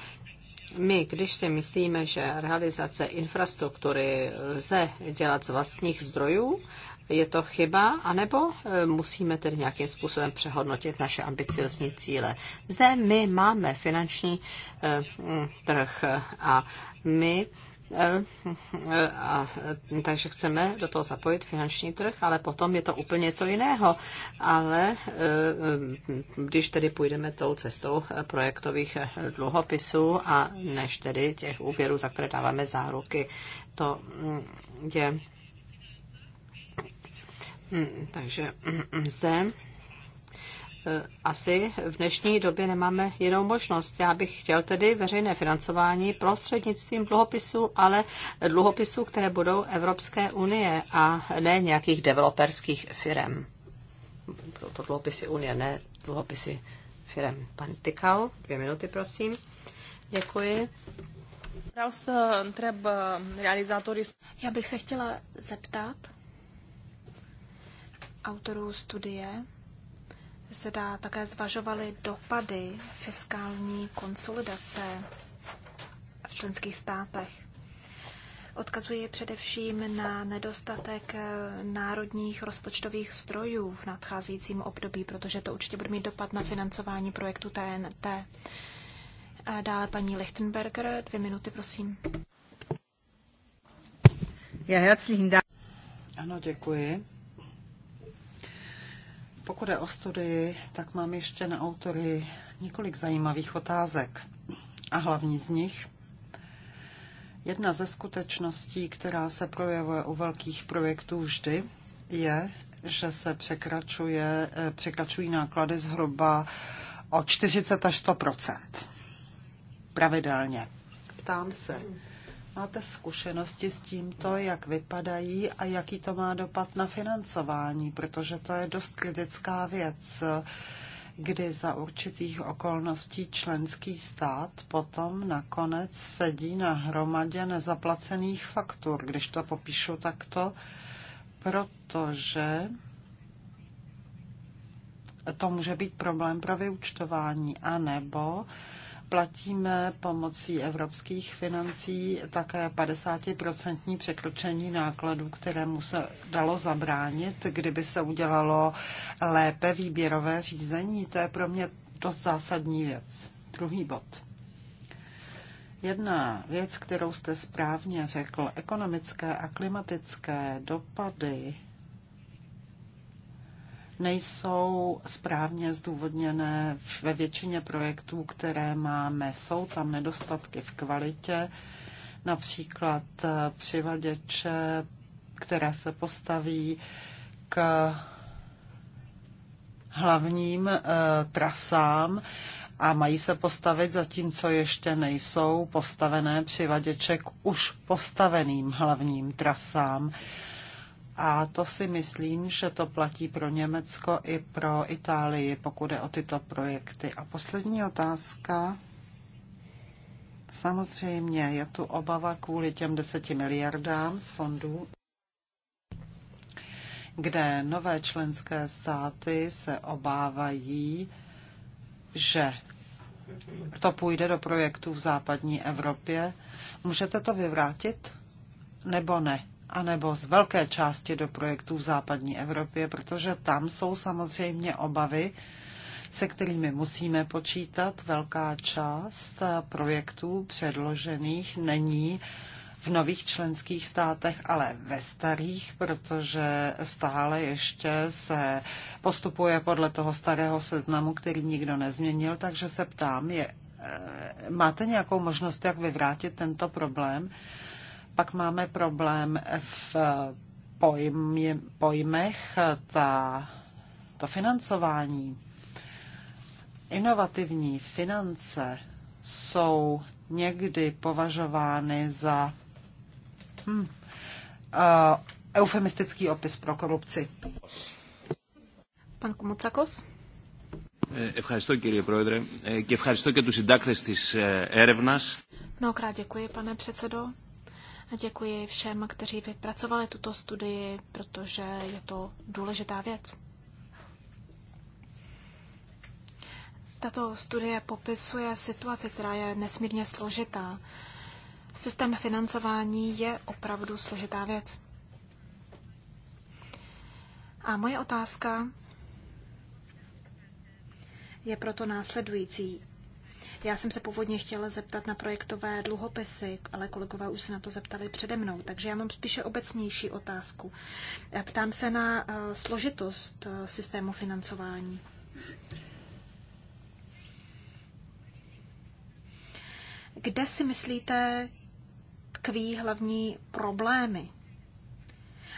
[SPEAKER 1] my, když si myslíme, že realizace infrastruktury lze dělat z vlastních zdrojů, je to chyba, anebo e, musíme tedy nějakým způsobem přehodnotit naše ambiciozní cíle. Zde my máme finanční e, trh a my e, a, takže chceme do toho zapojit finanční trh, ale potom je to úplně něco jiného. Ale když tedy půjdeme tou cestou projektových dluhopisů a než tedy těch úvěrů, za které dáváme záruky, to je Mm, takže mm, mm, zde eh, asi v dnešní době nemáme jinou možnost. Já bych chtěl tedy veřejné financování prostřednictvím dluhopisů, ale dluhopisů, které budou Evropské unie a ne nějakých developerských firm. Budou to dluhopisy unie, ne dluhopisy firm. Pan Tykal, dvě minuty, prosím. Děkuji. Eh, eh,
[SPEAKER 2] Já bych se chtěla zeptat, autorů studie se dá také zvažovaly dopady fiskální konsolidace v členských státech. Odkazuji především na nedostatek národních rozpočtových strojů v nadcházejícím období, protože to určitě bude mít dopad na financování projektu TNT. A dále paní Lichtenberger, dvě minuty, prosím.
[SPEAKER 1] Já
[SPEAKER 3] herzlichen Dank. Ano, děkuji. Pokud je o studii, tak mám ještě na autory několik zajímavých otázek. A hlavní z nich Jedna ze skutečností, která se projevuje u velkých projektů vždy, je, že se překračuje, eh, překračují náklady zhruba o 40 až 100 pravidelně. Ptám se, Máte zkušenosti s tímto, jak vypadají a jaký to má dopad na financování, protože to je dost kritická věc, kdy za určitých okolností členský stát potom nakonec sedí na hromadě nezaplacených faktur, když to popíšu takto, protože to může být problém pro vyučtování, anebo platíme pomocí evropských financí také 50% překročení nákladů, kterému se dalo zabránit, kdyby se udělalo lépe výběrové řízení. To je pro mě dost zásadní věc. Druhý bod. Jedna věc, kterou jste správně řekl, ekonomické a klimatické dopady nejsou správně zdůvodněné ve většině projektů, které máme. Jsou tam nedostatky v kvalitě, například eh, přivaděče, které se postaví k hlavním e, trasám a mají se postavit, zatímco ještě nejsou postavené přivaděče k už postaveným hlavním trasám. E, a to si myslím, že to platí pro Německo i pro Itálii, pokud je o tyto projekty. A poslední otázka. Samozřejmě je tu obava kvůli těm deseti miliardám z fondů, kde nové členské státy se obávají, že to půjde do projektů v západní Evropě. Můžete to vyvrátit nebo ne? anebo z velké části do projektů v západní Evropě, protože tam jsou samozřejmě obavy, se kterými musíme počítat. Velká část projektů předložených není v nových členských státech, ale ve starých, protože stále ještě se postupuje podle toho starého seznamu, který nikdo nezměnil, takže se ptám, je, eh, máte nějakou možnost, jak vyvrátit tento problém? Pak máme problém v pojmě, pojmech, ta, to financování. Inovativní finance jsou někdy považovány za hm, uh, eufemistický opis pro korupci.
[SPEAKER 2] Pan Kumucakos.
[SPEAKER 1] Eh, ευχαριστώ κύριε Πρόεδρε και ευχαριστώ και τους συντάκτες
[SPEAKER 2] της έρευνας. Mnohokrát děkuji, pane předsedo. A děkuji všem, kteří vypracovali tuto studii, protože je to důležitá věc. Tato studie popisuje situaci, která je nesmírně složitá. Systém financování je opravdu složitá věc. A moje otázka je proto následující. Já jsem se původně chtěla zeptat na projektové dluhopisy, ale kolegové už se na to zeptali přede mnou, takže já mám spíše obecnější otázku. Eh, ptám se na eh, složitost eh, systému financování. Kde si myslíte, tkví hlavní problémy?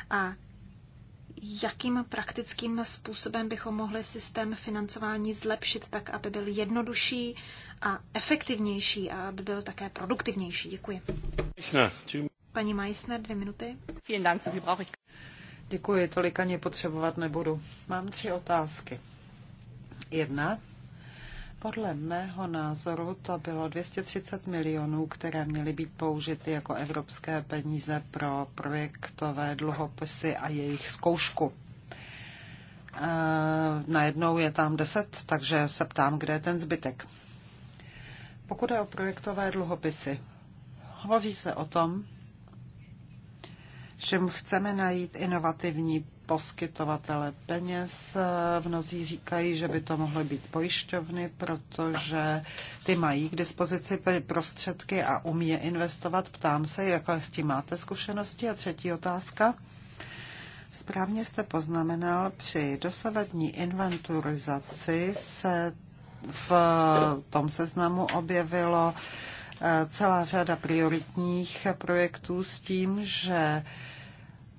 [SPEAKER 2] A jakým praktickým způsobem bychom mohli systém financování zlepšit tak, aby byl jednodušší a efektivnější a aby byl také produktivnější. Děkuji. Paní Meissner, dvě minuty.
[SPEAKER 3] Děkuji, tolik ani potřebovat nebudu. Mám tři otázky. Jedna. Podle mého názoru to bylo 230 milionů, které měly být použity jako evropské peníze pro projektové dluhopisy a jejich zkoušku. E, najednou je tam 10, takže se ptám, kde je ten zbytek. Pokud je o projektové dluhopisy, hovoří se o tom, že chceme najít inovativní poskytovatele peněz. Mnozí říkají, že by to mohly být pojišťovny, protože ty mají k dispozici prostředky a umí je investovat. Ptám se, jaké s tím máte zkušenosti. A třetí otázka. Správně jste poznamenal, při dosavadní inventurizaci se v eh, tom seznamu objevilo eh, celá řada prioritních projektů s tím, že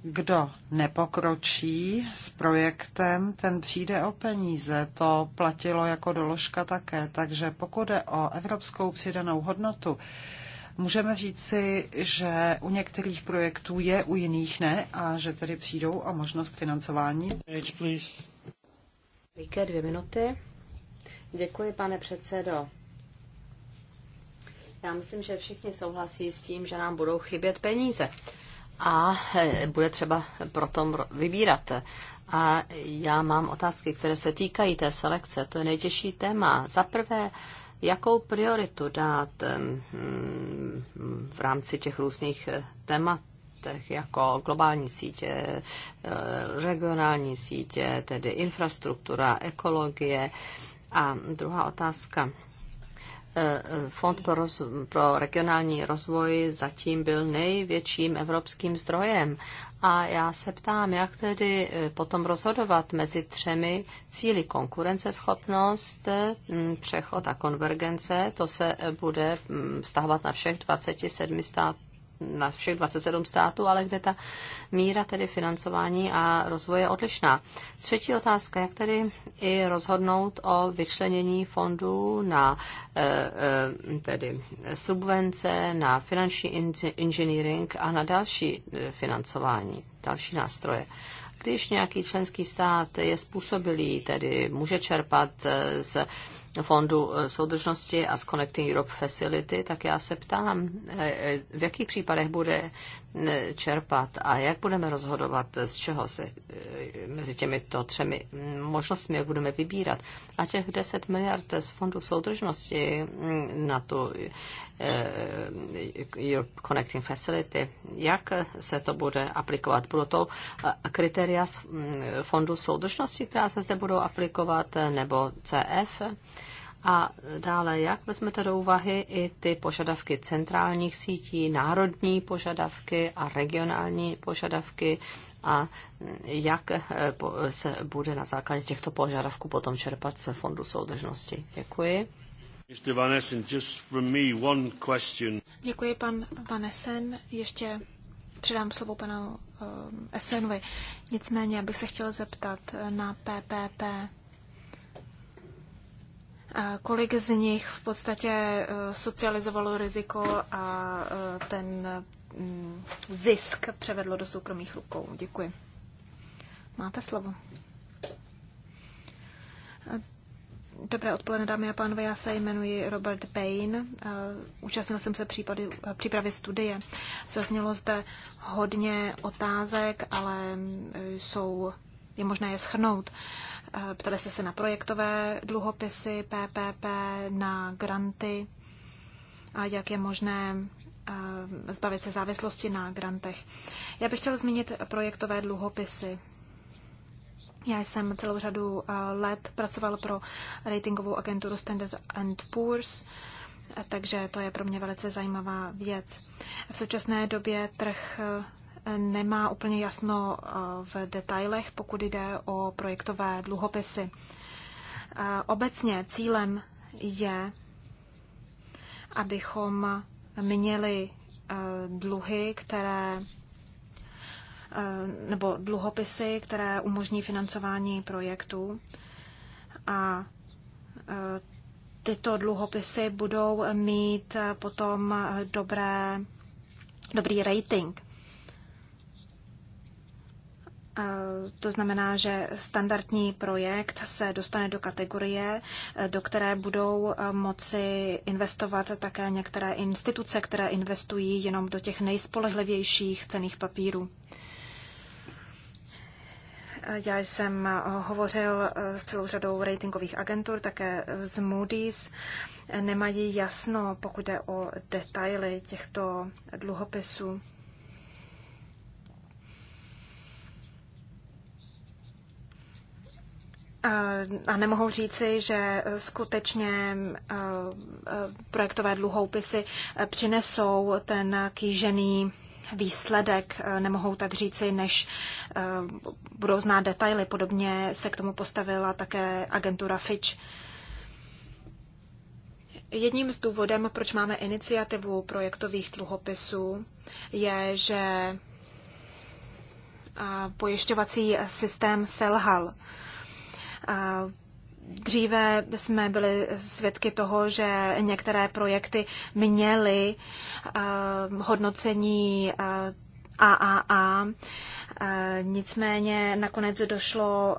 [SPEAKER 3] kdo nepokročí s projektem, ten přijde o peníze. To platilo jako doložka také. Takže pokud je o evropskou přidanou hodnotu, můžeme říci, že u některých projektů je, u jiných ne a že tedy přijdou o možnost financování.
[SPEAKER 1] Víke, dvě minuty. Děkuji, pane předsedo. Já myslím, že všichni souhlasí s tím, že nám budou chybět peníze a eh, bude třeba pro tom vybírat. A já mám otázky, které se týkají té selekce. To je nejtěžší téma. Za prvé, jakou prioritu dát v rámci těch různých eh, témat jako globální sítě, eh, regionální sítě, tedy infrastruktura, ekologie, a druhá otázka. E, e, Fond pro, roz, pro regionální rozvoj zatím byl největším evropským zdrojem. A já se ptám, jak tedy e, potom rozhodovat mezi třemi cíly konkurenceschopnost, přechod a konvergence. To se bude stahovat na všech 27 států na všech 27 států, ale kde ta míra tedy financování a rozvoje je odlišná. Třetí otázka, jak tedy i rozhodnout o vyčlenění fondů na eh, eh, tedy subvence, na finanční engineering a na další eh, financování, další nástroje když nějaký členský stát je způsobilý, tedy může čerpat z fondu eh, soudržnosti a z Connecting Europe Facility, tak já se ptám, eh, v jakých případech bude eh, čerpat a jak budeme rozhodovat, z čeho se mezi těmito třemi možnostmi, jak budeme vybírat. A těch 10 miliard z fondu soudržnosti mm, na tu eh, Your Connecting Facility, jak se to bude aplikovat? Budou to eh, kritéria z mm, fondu soudržnosti, která se zde budou aplikovat, nebo CF? A dále, jak vezmete do úvahy i ty požadavky centrálních sítí, národní požadavky a regionální požadavky a jak eh, se bude na základě těchto požadavků potom čerpat se Fondu soudržnosti. Děkuji.
[SPEAKER 2] Děkuji, pan Vanesen. Ještě předám slovo panu um, eh, Esenovi. Nicméně abych se chtěl zeptat eh, na PPP. Kolik z nich v podstatě socializovalo riziko a ten Mm, zisk převedlo do soukromých rukou. Děkuji. Máte slovo. Dobré odpoledne, dámy a pánové. Já se jmenuji Robert Payne. Eh, účastnil jsem se případy, eh, přípravy studie. Zaznělo zde hodně otázek, ale eh, jsou, je možné je schrnout. Ptali jste se na projektové dluhopisy, PPP, na granty a jak je možné zbavit se závislosti na grantech. Já bych chtěl zmínit projektové dluhopisy. Já jsem celou řadu eh, let pracoval pro ratingovou agenturu Standard and Poor's, eh, takže to je pro mě velice zajímavá věc. V současné době trh eh, nemá úplně jasno v detailech, pokud jde o projektové dluhopisy. Obecně cílem je, abychom měli eh, dluhy, které eh, nebo dluhopisy, které umožní financování projektů. A eh, tyto dluhopisy budou mít potom dobré, dobrý rating. To znamená, že standardní projekt se dostane do kategorie, do které budou e, moci investovat také některé instituce, které investují jenom do těch nejspolehlivějších cených papírů. Já jsem hovořil e, s celou řadou ratingových agentur, také e, z Moody's. Nemají jasno, pokud jde o detaily těchto dluhopisů. a nemohu říci, že skutečně eh, eh, projektové dluhopisy eh, přinesou ten kýžený výsledek, nemohou tak říci, než budou znát detaily. Podobně se k tomu postavila také agentura Fitch. Jedním z důvodem, proč máme iniciativu projektových dluhopisů, je, že pojišťovací systém selhal. Dříve jsme byli svědky toho, že některé projekty měly eh, hodnocení AAA, eh, eh, nicméně nakonec došlo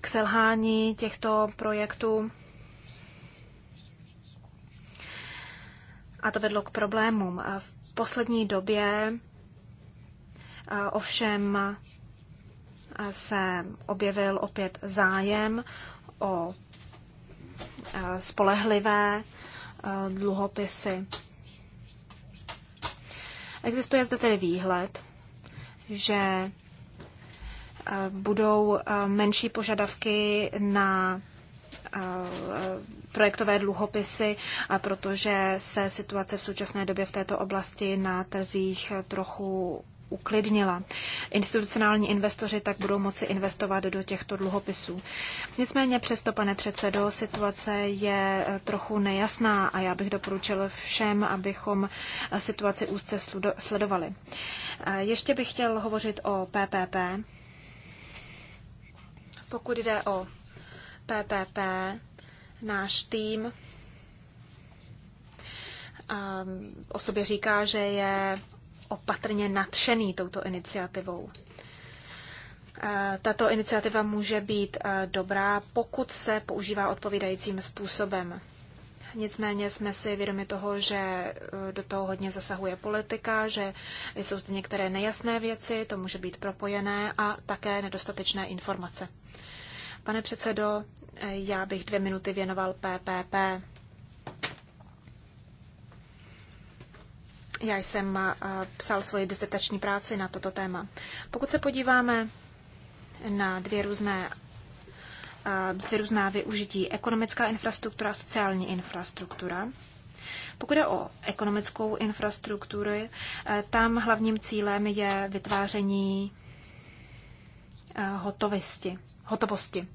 [SPEAKER 2] k selhání těchto projektů. A to vedlo k problémům. V poslední době ovšem se objevil opět zájem o eh, spolehlivé eh, dluhopisy. Existuje zde tedy výhled, že eh, budou menší požadavky na projektové dluhopisy, protože se situace v současné době v této oblasti na trzích trochu uklidnila. Institucionální investoři tak budou moci investovat do těchto dluhopisů. Nicméně přesto, pane předsedo, situace je eh, trochu nejasná a já bych doporučil všem, abychom eh, situaci úzce sledovali. Eh, ještě bych chtěl hovořit o PPP. Pokud jde o PPP, náš tým o sobě říká, že je opatrně nadšený touto iniciativou. Eh, tato iniciativa může být eh, dobrá, pokud se používá odpovídajícím způsobem. Nicméně jsme si vědomi toho, že eh, do toho hodně zasahuje politika, že jsou zde některé nejasné věci, to může být propojené a také nedostatečné informace. Pane předsedo, já bych dvě minuty věnoval PPP. Já jsem eh, psal svoji disertační práci na toto téma. Pokud se podíváme na dvě různé eh, dvě různá využití, ekonomická infrastruktura a sociální infrastruktura. Pokud je o ekonomickou infrastrukturu, eh, tam hlavním cílem je vytváření hotovosti. hotovosti.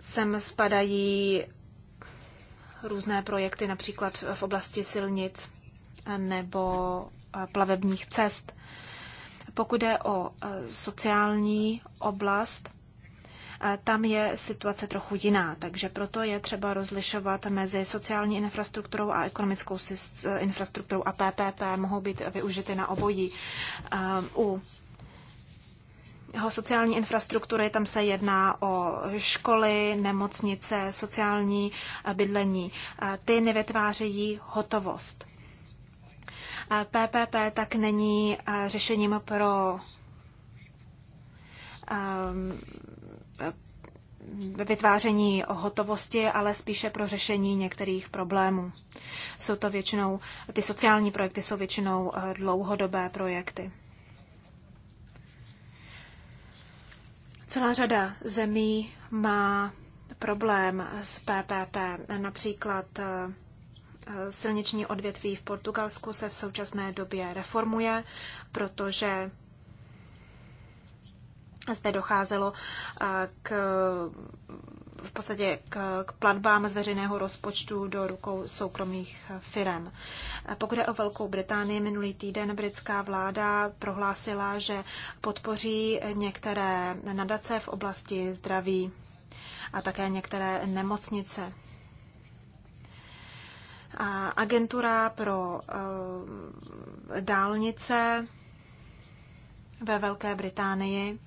[SPEAKER 2] Sem spadají různé projekty, například v oblasti silnic nebo eh, plavebních cest. Pokud je o eh, sociální oblast, eh, tam je situace trochu jiná, takže proto je třeba rozlišovat mezi sociální infrastrukturou a ekonomickou infrastrukturou a PPP mohou být využity na obojí. U jeho sociální infrastruktury, tam se jedná o školy, nemocnice, sociální eh, bydlení. Eh, ty nevytvářejí hotovost. PPP eh, tak není řešením pro ehm, vytváření hotovosti, ale spíše pro řešení některých problémů. Jsou to většinou, ty sociální projekty jsou většinou dlouhodobé projekty. Celá řada zemí má problém s PPP. Například eh, silniční odvětví v Portugalsku se v současné době reformuje, protože zde docházelo eh, k v podstatě k, k platbám z veřejného rozpočtu do rukou soukromých firm. Pokud je o Velkou Británii, minulý týden britská vláda prohlásila, že podpoří některé nadace v oblasti zdraví a také některé nemocnice. A agentura pro eh, dálnice ve Velké Británii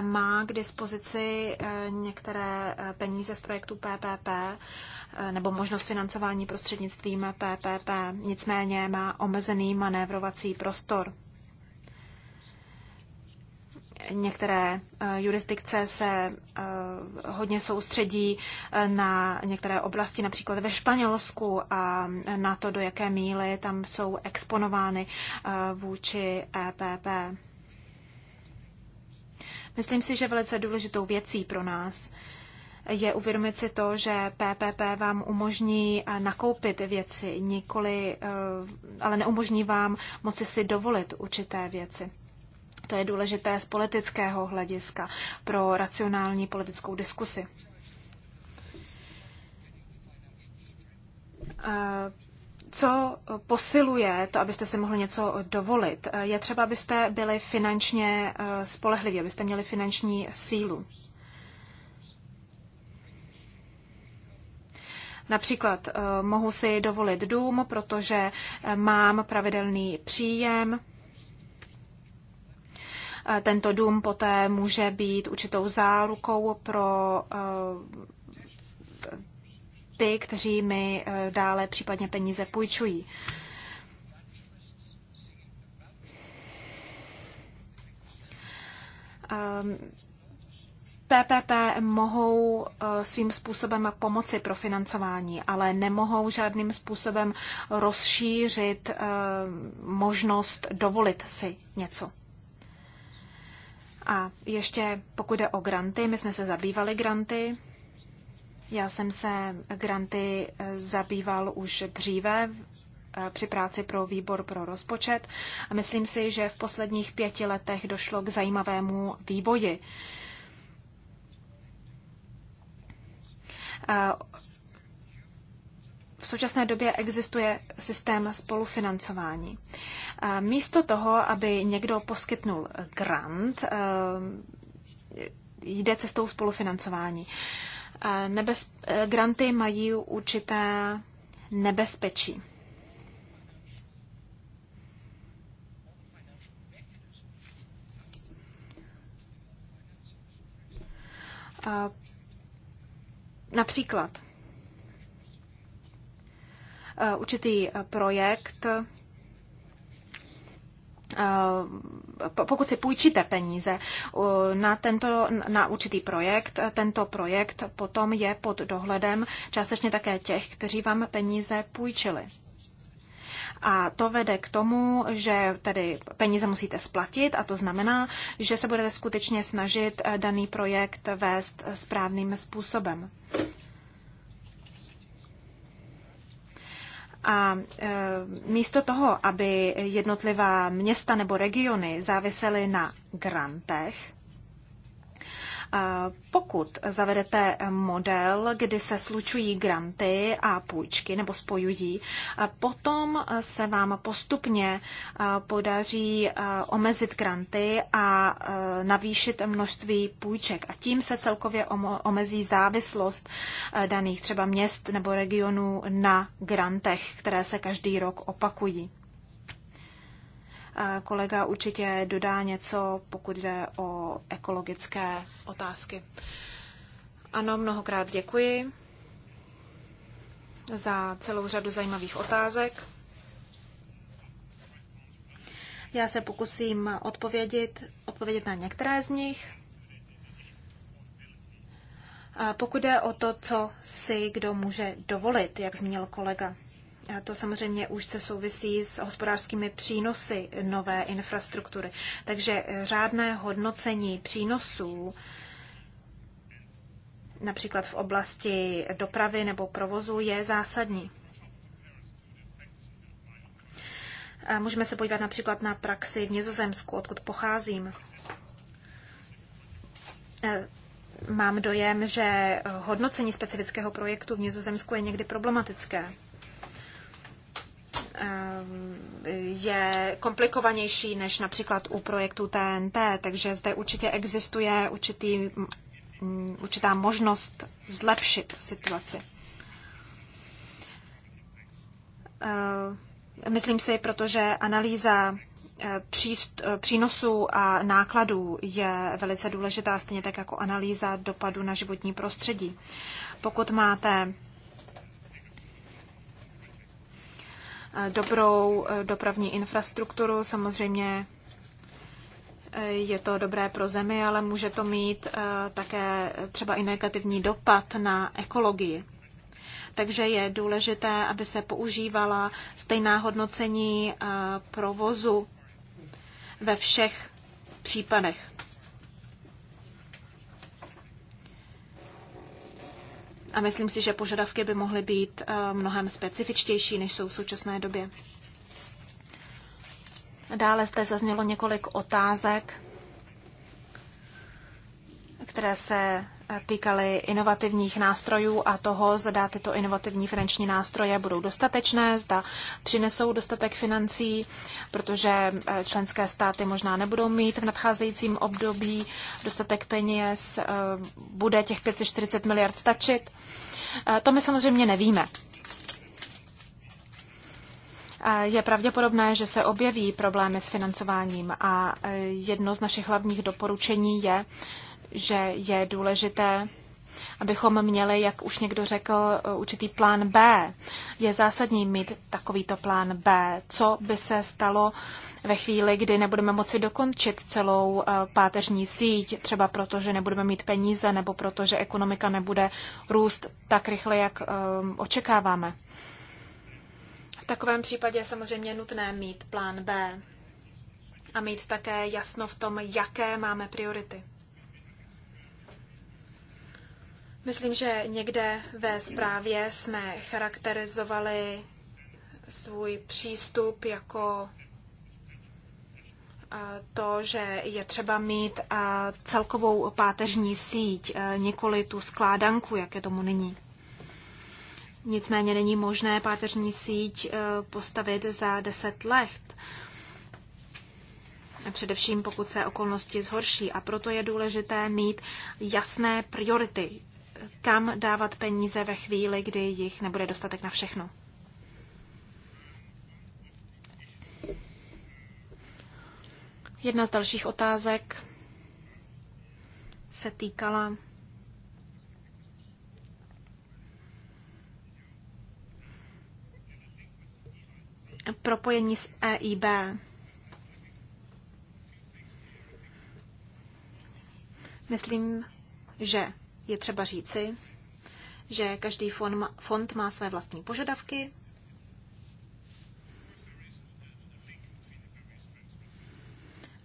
[SPEAKER 2] má k dispozici eh, některé eh, peníze z projektu PPP eh, nebo možnost financování prostřednictvím PPP, nicméně má omezený manévrovací prostor. Některé jurisdikce se hodně soustředí na některé oblasti, například ve Španělsku, a na to, do jaké míly tam jsou exponovány vůči EPP. Myslím si, že velice důležitou věcí pro nás je uvědomit si to, že PPP vám umožní eh, nakoupit věci, nikoli, eh, ale neumožní vám moci si dovolit určité věci. To je důležité z politického hlediska pro racionální politickou diskusi. Eh, co posiluje to, abyste si mohli něco dovolit? Je třeba, abyste byli finančně eh, spolehliví, abyste měli finanční sílu. Například eh, mohu si dovolit dům, protože eh, mám pravidelný příjem. Tento dům poté může být určitou zárukou pro ty, kteří mi eh, dále případně peníze půjčují. PPP ehm, mohou eh, svým způsobem pomoci pro financování, ale nemohou žádným způsobem rozšířit eh, možnost dovolit si něco. A ještě pokud jde o granty, my jsme se zabývali granty. Já jsem se granty eh, zabýval už dříve eh, při práci pro výbor pro rozpočet a myslím si, že v posledních pěti letech došlo k zajímavému vývoji. Eh, v současné době existuje systém spolufinancování. Místo toho, aby někdo poskytnul grant, jde cestou spolufinancování nebez, eh, granty mají určité nebezpečí. Například eh, určitý projekt eh, pokud si půjčíte peníze na, tento, na určitý projekt, tento projekt potom je pod dohledem částečně také těch, kteří vám peníze půjčili. A to vede k tomu, že tedy peníze musíte splatit a to znamená, že se budete skutečně snažit eh, daný projekt vést eh, správným způsobem. A eh, místo toho, aby jednotlivá města nebo regiony závisely na grantech, pokud zavedete model, kdy se slučují granty a půjčky nebo spojují, potom se vám postupně podaří omezit granty a navýšit množství půjček. A tím se celkově omezí závislost daných třeba měst nebo regionů na grantech, které se každý rok opakují. Kolega určitě dodá něco, pokud jde o ekologické otázky. Ano, mnohokrát děkuji za celou řadu zajímavých otázek. Já se pokusím odpovědět, odpovědět na některé z nich. Pokud jde o to, co si kdo může dovolit, jak zmínil kolega to samozřejmě už se souvisí s hospodářskými přínosy nové infrastruktury. Takže eh, řádné hodnocení přínosů například v oblasti dopravy nebo provozu je zásadní. Můžeme se podívat například na praxi v Nizozemsku, odkud pocházím. Eh, mám dojem, že eh, hodnocení specifického projektu v Nizozemsku je někdy problematické. Eh, je komplikovanější než například u projektu TNT, takže zde určitě existuje určitý, mm, určitá možnost zlepšit situaci. Eh, myslím si, protože analýza eh, přínosů a nákladů je velice důležitá, stejně tak jako analýza dopadu na životní prostředí. Pokud máte dobrou eh, dopravní infrastrukturu. Samozřejmě eh, je to dobré pro zemi, ale může to mít eh, také třeba i negativní dopad na ekologii. Takže je důležité, aby se používala stejná hodnocení provozu ve všech případech. A myslím si, že požadavky by mohly být eh, mnohem specifičtější, než jsou v současné době. Dále zde zaznělo několik otázek, které se týkaly inovativních nástrojů a toho, zda tyto inovativní finanční nástroje budou dostatečné, zda přinesou dostatek financí, protože eh, členské státy možná nebudou mít v nadcházejícím období dostatek peněz, eh, bude těch 540 miliard stačit. Eh, to my samozřejmě nevíme. Je pravděpodobné, že se objeví problémy s financováním a jedno z našich hlavních doporučení je, že je důležité, abychom měli, jak už někdo řekl, určitý plán B. Je zásadní mít takovýto plán B. Co by se stalo ve chvíli, kdy nebudeme moci dokončit celou eh, páteřní síť, třeba proto, že nebudeme mít peníze nebo proto, že ekonomika nebude růst tak rychle, jak eh, očekáváme. V takovém případě je samozřejmě nutné mít plán B a mít také jasno v tom, jaké máme priority. Myslím, že někde ve zprávě jsme charakterizovali svůj přístup jako to, že je třeba mít celkovou páteřní síť, nikoli tu skládanku, jak je tomu nyní. Nicméně není možné páteřní síť e, postavit za deset let. Především pokud se okolnosti zhorší. A proto je důležité mít jasné priority, kam dávat peníze ve chvíli, kdy jich nebude dostatek na všechno. Jedna z dalších otázek se týkala propojení s EIB. Myslím, že je třeba říci, že každý fond má své vlastní požadavky,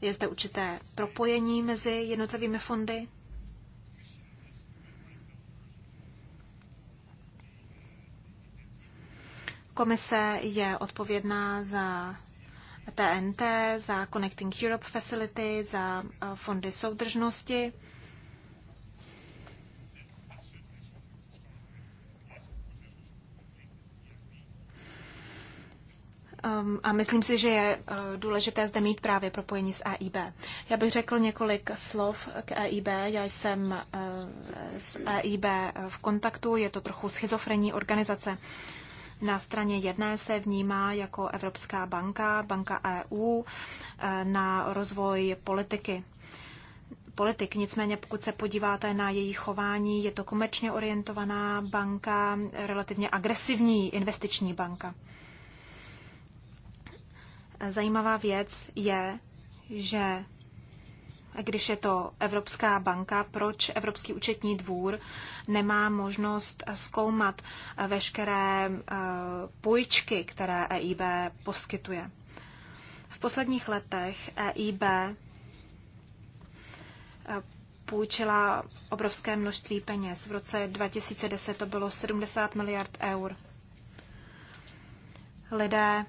[SPEAKER 2] Je zde určité propojení mezi jednotlivými fondy. Komise je odpovědná za TNT, za Connecting Europe Facility, za eh, fondy soudržnosti. Ehm, a myslím si, že je eh, důležité zde mít právě propojení s AIB. E Já bych řekl několik slov k AIB. E Já jsem eh, s AIB e eh, v kontaktu, je to trochu schizofrenní organizace. Na straně jedné se vnímá jako Evropská banka, banka EU na rozvoj politiky. Politik. Nicméně, pokud se podíváte na její chování, je to komerčně orientovaná banka, relativně agresivní investiční banka zajímavá věc je, že když je to Evropská banka, proč Evropský účetní dvůr nemá možnost zkoumat veškeré eh, půjčky, které EIB poskytuje. V posledních letech EIB eh, půjčila obrovské množství peněz. V roce 2010 to bylo 70 miliard eur. Lidé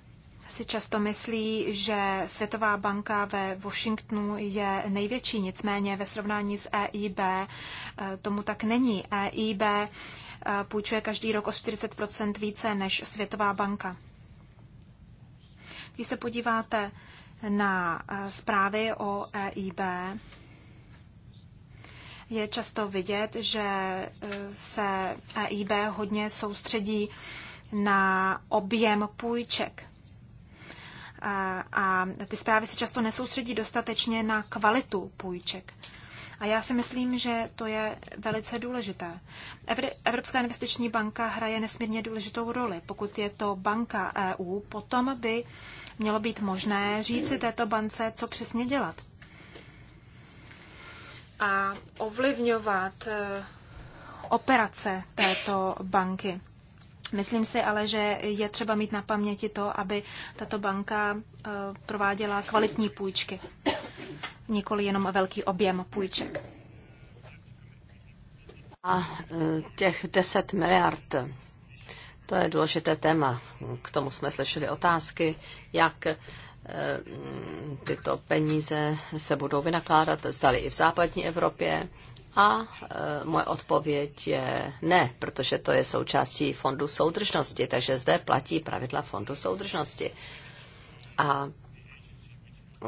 [SPEAKER 2] si často myslí, že Světová banka ve Washingtonu je největší, nicméně ve srovnání s EIB eh, tomu tak není. EIB eh, půjčuje každý rok o 40 více než Světová banka. Když se podíváte na eh, zprávy o EIB, je často vidět, že se EIB hodně soustředí na objem půjček a ty zprávy se často nesoustředí dostatečně na kvalitu půjček. A já si myslím, že to je velice důležité. Evropská investiční banka hraje nesmírně důležitou roli. Pokud je to banka EU, potom by mělo být možné říci této bance, co přesně dělat. A ovlivňovat eh, operace této banky. Myslím si ale, že je třeba mít na paměti to, aby tato banka eh, prováděla kvalitní půjčky, nikoli jenom velký objem půjček.
[SPEAKER 1] A eh, těch 10 miliard, to je důležité téma. K tomu jsme slyšeli otázky, jak eh, tyto peníze se budou vynakládat, zdali i v západní Evropě, a e, moje odpověď je ne, protože to je součástí fondu soudržnosti, takže zde platí pravidla fondu soudržnosti. A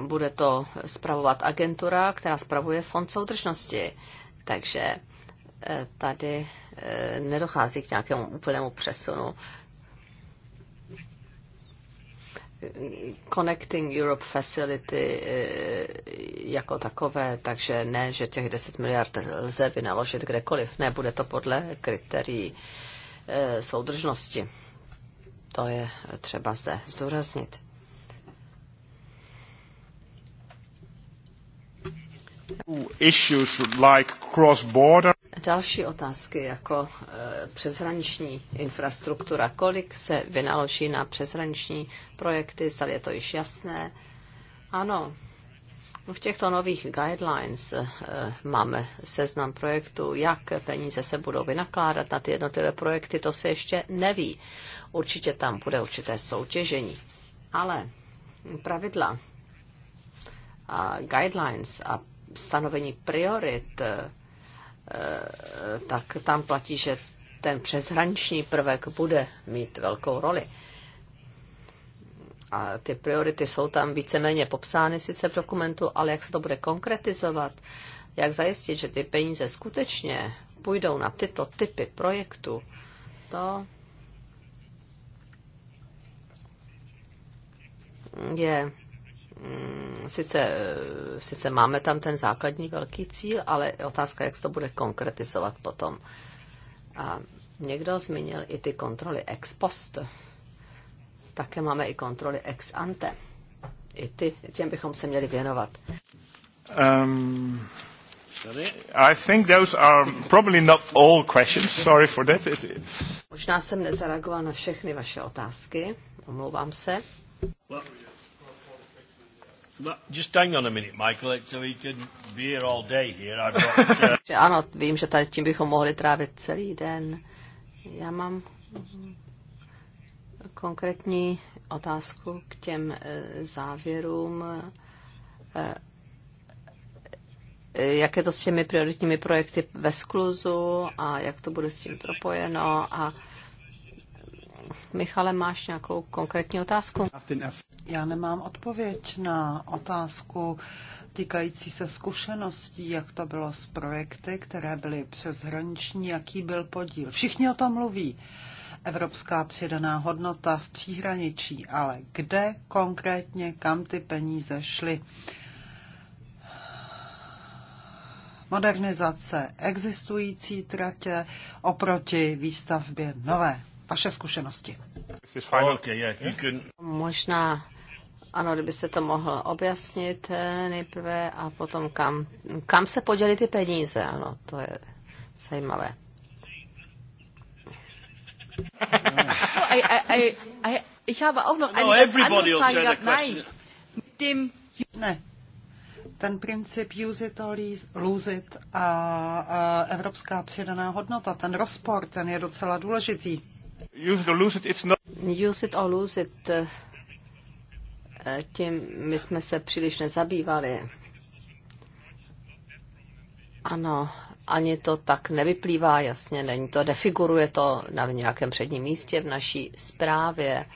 [SPEAKER 1] bude to spravovat agentura, která spravuje fond soudržnosti. Takže e, tady e, nedochází k nějakému úplnému přesunu Connecting Europe Facility eh, jako takové, takže ne, že těch 10 miliard lze vynaložit kdekoliv, ne, bude to podle kritérií eh, soudržnosti. To je třeba zde zdůraznit. Issues like cross-border další otázky, jako e, přeshraniční infrastruktura. Kolik se vynaloží na přeshraniční projekty? Zdali je to již jasné? Ano, no, v těchto nových guidelines e, máme seznam projektů, jak peníze se budou vynakládat na ty jednotlivé projekty, to se ještě neví. Určitě tam bude určité soutěžení. Ale pravidla a guidelines a stanovení priorit e, tak tam platí, že ten přeshraniční prvek bude mít velkou roli. A ty priority jsou tam víceméně popsány sice v dokumentu, ale jak se to bude konkretizovat, jak zajistit, že ty peníze skutečně půjdou na tyto typy projektů, to je Mm, sice, eh, sice máme tam ten základní velký cíl, ale otázka, jak se to bude konkretizovat potom. A někdo zmínil i ty kontroly ex post. Také máme i kontroly ex ante. I ty, těm bychom se měli věnovat. Um, I think those are probably not all questions. Sorry for that. Možná jsem nezareagoval na všechny vaše otázky. Omlouvám se. Well, Just hang on a minute, Michael, so we can be here all day here. I've got, [laughs] uh... ano, vím, že tady tím bychom mohli trávit celý den. Já mám konkrétní otázku k těm eh, závěrům. Eh, eh, jak je to s těmi prioritními projekty ve skluzu a jak to bude s tím propojeno a Michale, máš nějakou konkrétní otázku? Já nemám
[SPEAKER 3] odpověď na otázku týkající se zkušeností, jak to bylo s projekty, které byly přeshraniční, jaký byl podíl. Všichni o tom mluví. Evropská přidaná hodnota v příhraničí, ale kde konkrétně, kam ty peníze šly? Modernizace existující tratě oproti výstavbě nové.
[SPEAKER 1] Vaše zkušenosti. Okay, yeah, can... Možná ano, kdybyste to mohl objasnit eh, nejprve a potom kam, kam se podělí ty peníze, ano, to je zajímavé. No, I, I, I, ich habe auch noch no, everybody will gehabt. a question.
[SPEAKER 3] dem... Ne, ten princip use it or lose it a, a evropská přidaná hodnota, ten rozpor, ten je docela důležitý.
[SPEAKER 1] Use it or lose it, it's not... Use it or lose it, eh, tím my jsme se příliš nezabývali. Ano, ani to tak nevyplývá, jasně, není to, defiguruje to na nějakém předním místě v naší zprávě.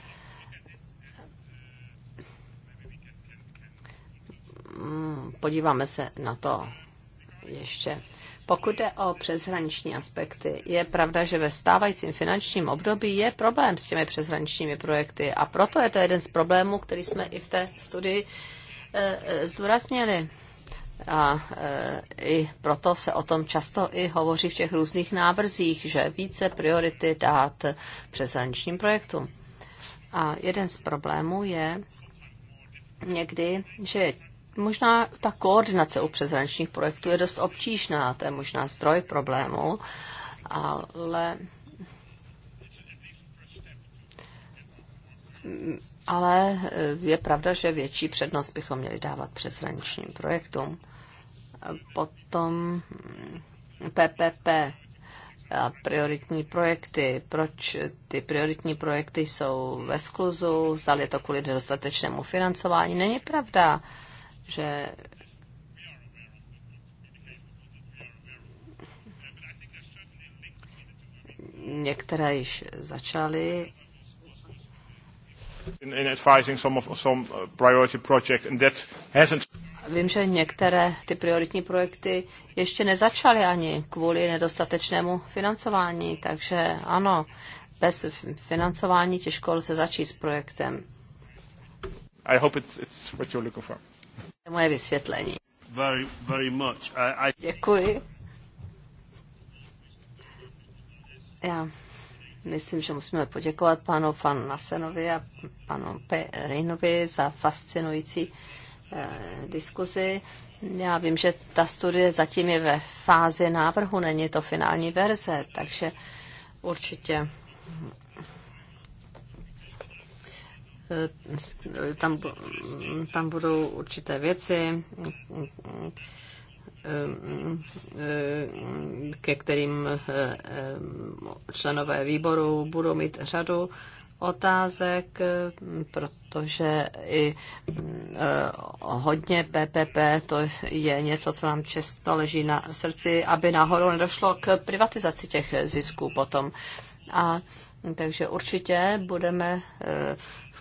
[SPEAKER 1] Hmm, podíváme se na to ještě. Pokud jde o přeshraniční aspekty, je pravda, že ve stávajícím finančním období je problém s těmi přeshraničními projekty a proto je to jeden z problémů, který jsme i v té studii e, zdůraznili. A e, i proto se o tom často i hovoří v těch různých návrzích, že více priority dát přeshraničním projektům. A jeden z problémů je někdy, že je možná ta koordinace u přeshraničních projektů je dost obtížná, to je možná zdroj problému, ale ale eh, je pravda, že větší přednost bychom měli dávat přeshraničním projektům. Potom PPP, hm, a prioritní projekty. Proč ty prioritní projekty jsou ve skluzu? Zdali je to kvůli nedostatečnému financování? Není pravda. Uh, že některé již začaly.
[SPEAKER 3] Uh,
[SPEAKER 1] Vím, že některé ty prioritní projekty ještě nezačaly ani kvůli nedostatečnému financování, takže ano, bez financování těžko lze začít s projektem. I hope it's, it's what you're looking for moje vysvětlení. Very, very much. I, I... Děkuji. Já myslím, že musíme poděkovat panu Fan Nasenovi a panu Perinovi za fascinující eh, diskuzi. Já vím, že ta studie zatím je ve fázi návrhu, není to finální verze, takže určitě Eh, tam, tam budou určité věci, eh, ke kterým eh, členové výboru budou mít řadu otázek, protože i hodně PPP to je něco, co nám často leží na srdci, aby náhodou nedošlo k privatizaci těch zisků potom. A takže určitě budeme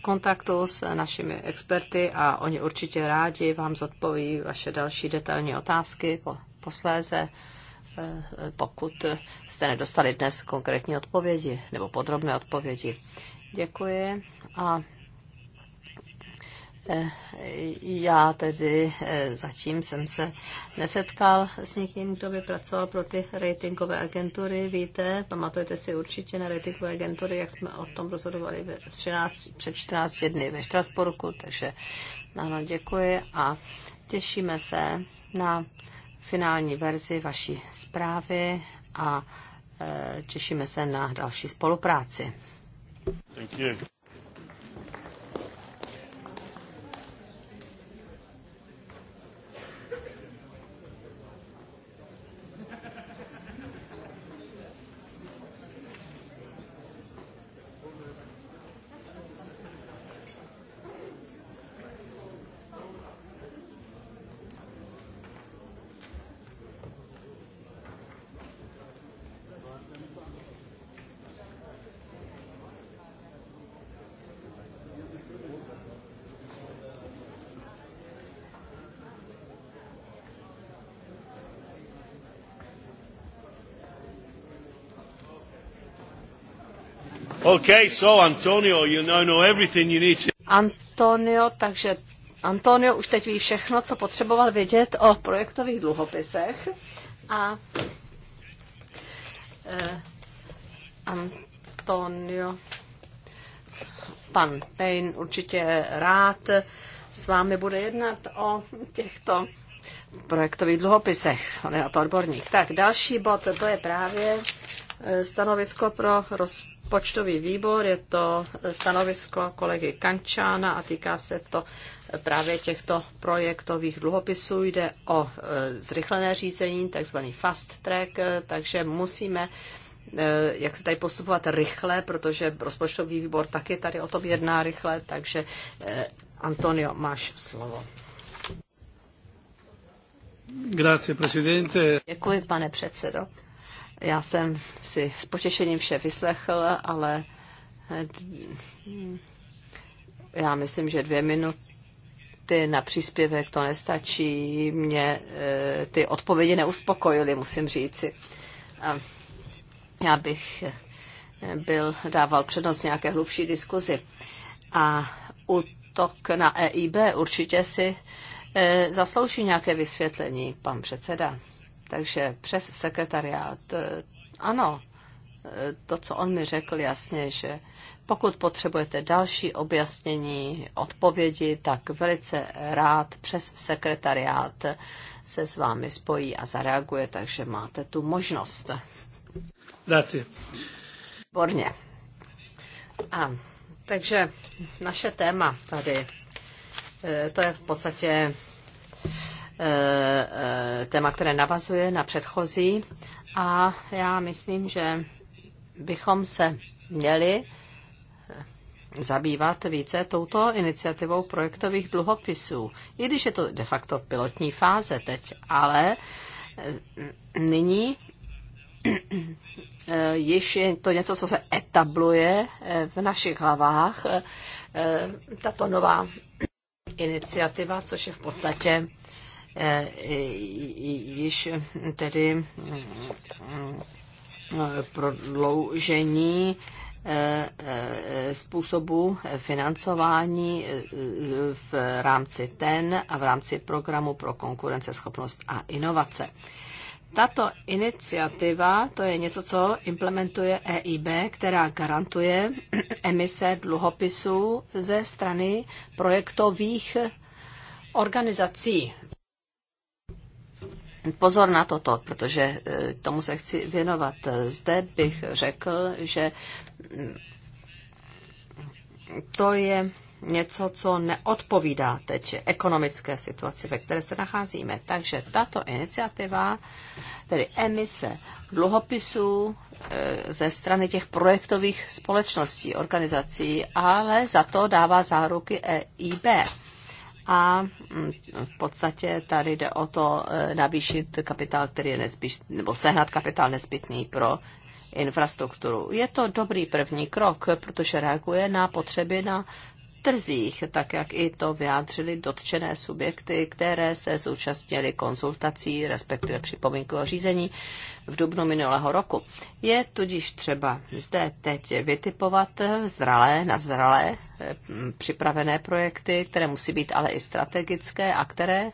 [SPEAKER 1] kontaktu s našimi experty a oni určitě rádi vám zodpoví vaše další detailní otázky po, posléze, eh, pokud jste nedostali dnes konkrétní odpovědi nebo podrobné odpovědi. Děkuji a Eh, já tedy eh, zatím jsem se nesetkal s někým, kdo by pracoval pro ty ratingové agentury. Víte, pamatujete si určitě na ratingové agentury, jak jsme o tom rozhodovali ve 13, před 14 dny ve Štrasburku, takže ano, děkuji a těšíme se na finální verzi vaší zprávy a eh, těšíme se na další spolupráci. Thank you. Okay, so Antonio, you now know everything you need to... Antonio, takže Antonio už teď ví všechno, co potřeboval vědět o projektových dluhopisech. A eh, Antonio, pan Payne určitě rád s vámi bude jednat o těchto projektových dluhopisech. On je na to odborník. Tak další bod, to je právě eh, stanovisko pro roz, Počtový výbor, je to stanovisko kolegy Kančána a týká se to právě těchto projektových dluhopisů. Jde o e, zrychlené řízení, takzvaný fast track, e, takže musíme e, jak se tady postupovat rychle, protože rozpočtový výbor taky tady o tom jedná rychle, takže Antonio, máš slovo. Grazie, presidente. Děkuji, pane předsedo. Já jsem si s potěšením vše vyslechl, ale eh, já myslím, že dvě minuty na příspěvek to nestačí. Mě eh, ty odpovědi neuspokojily, musím říci. A já bych eh, byl, dával přednost nějaké hlubší diskuzi. A útok na EIB určitě si zaslouží nějaké vysvětlení, pan předseda. Takže přes sekretariát. Eh, ano, eh, to, co on mi řekl jasně, že pokud potřebujete další objasnění, odpovědi, tak velice rád přes sekretariát se s vámi spojí a zareaguje, takže máte tu možnost. Děkuji. Borně. A, takže naše téma tady, eh, to je v podstatě Eh, eh, téma, které navazuje na předchozí. A já myslím, že bychom se měli zabývat více touto iniciativou projektových dluhopisů. I když je to de facto pilotní fáze teď, ale eh, nyní již je to něco, co se etabluje v našich hlavách, tato nová iniciativa, což je v podstatě Eh, již tedy eh, prodloužení eh, způsobu financování v rámci TEN a v rámci programu pro konkurenceschopnost a inovace. Tato iniciativa, to je něco, co implementuje EIB, která garantuje [clears throat] emise dluhopisů ze strany projektových organizací pozor na toto, protože e, tomu se chci věnovat. Zde bych řekl, že mm, to je něco, co neodpovídá teď ekonomické situaci, ve které se nacházíme. Takže tato iniciativa, tedy emise dluhopisů e, ze strany těch projektových společností, organizací, ale za to dává záruky EIB a mm, v podstatě tady jde o to e, navýšit kapitál, který je nezbyt, nebo sehnat kapitál nezbytný pro infrastrukturu. Je to dobrý první krok, protože reaguje na potřeby na trzích, tak jak i to vyjádřili dotčené subjekty, které se zúčastnili konzultací, respektive připomínkového řízení v dubnu minulého roku. Je tudíž třeba zde teď vytipovat zralé na zralé hm, připravené projekty, které musí být ale i strategické a které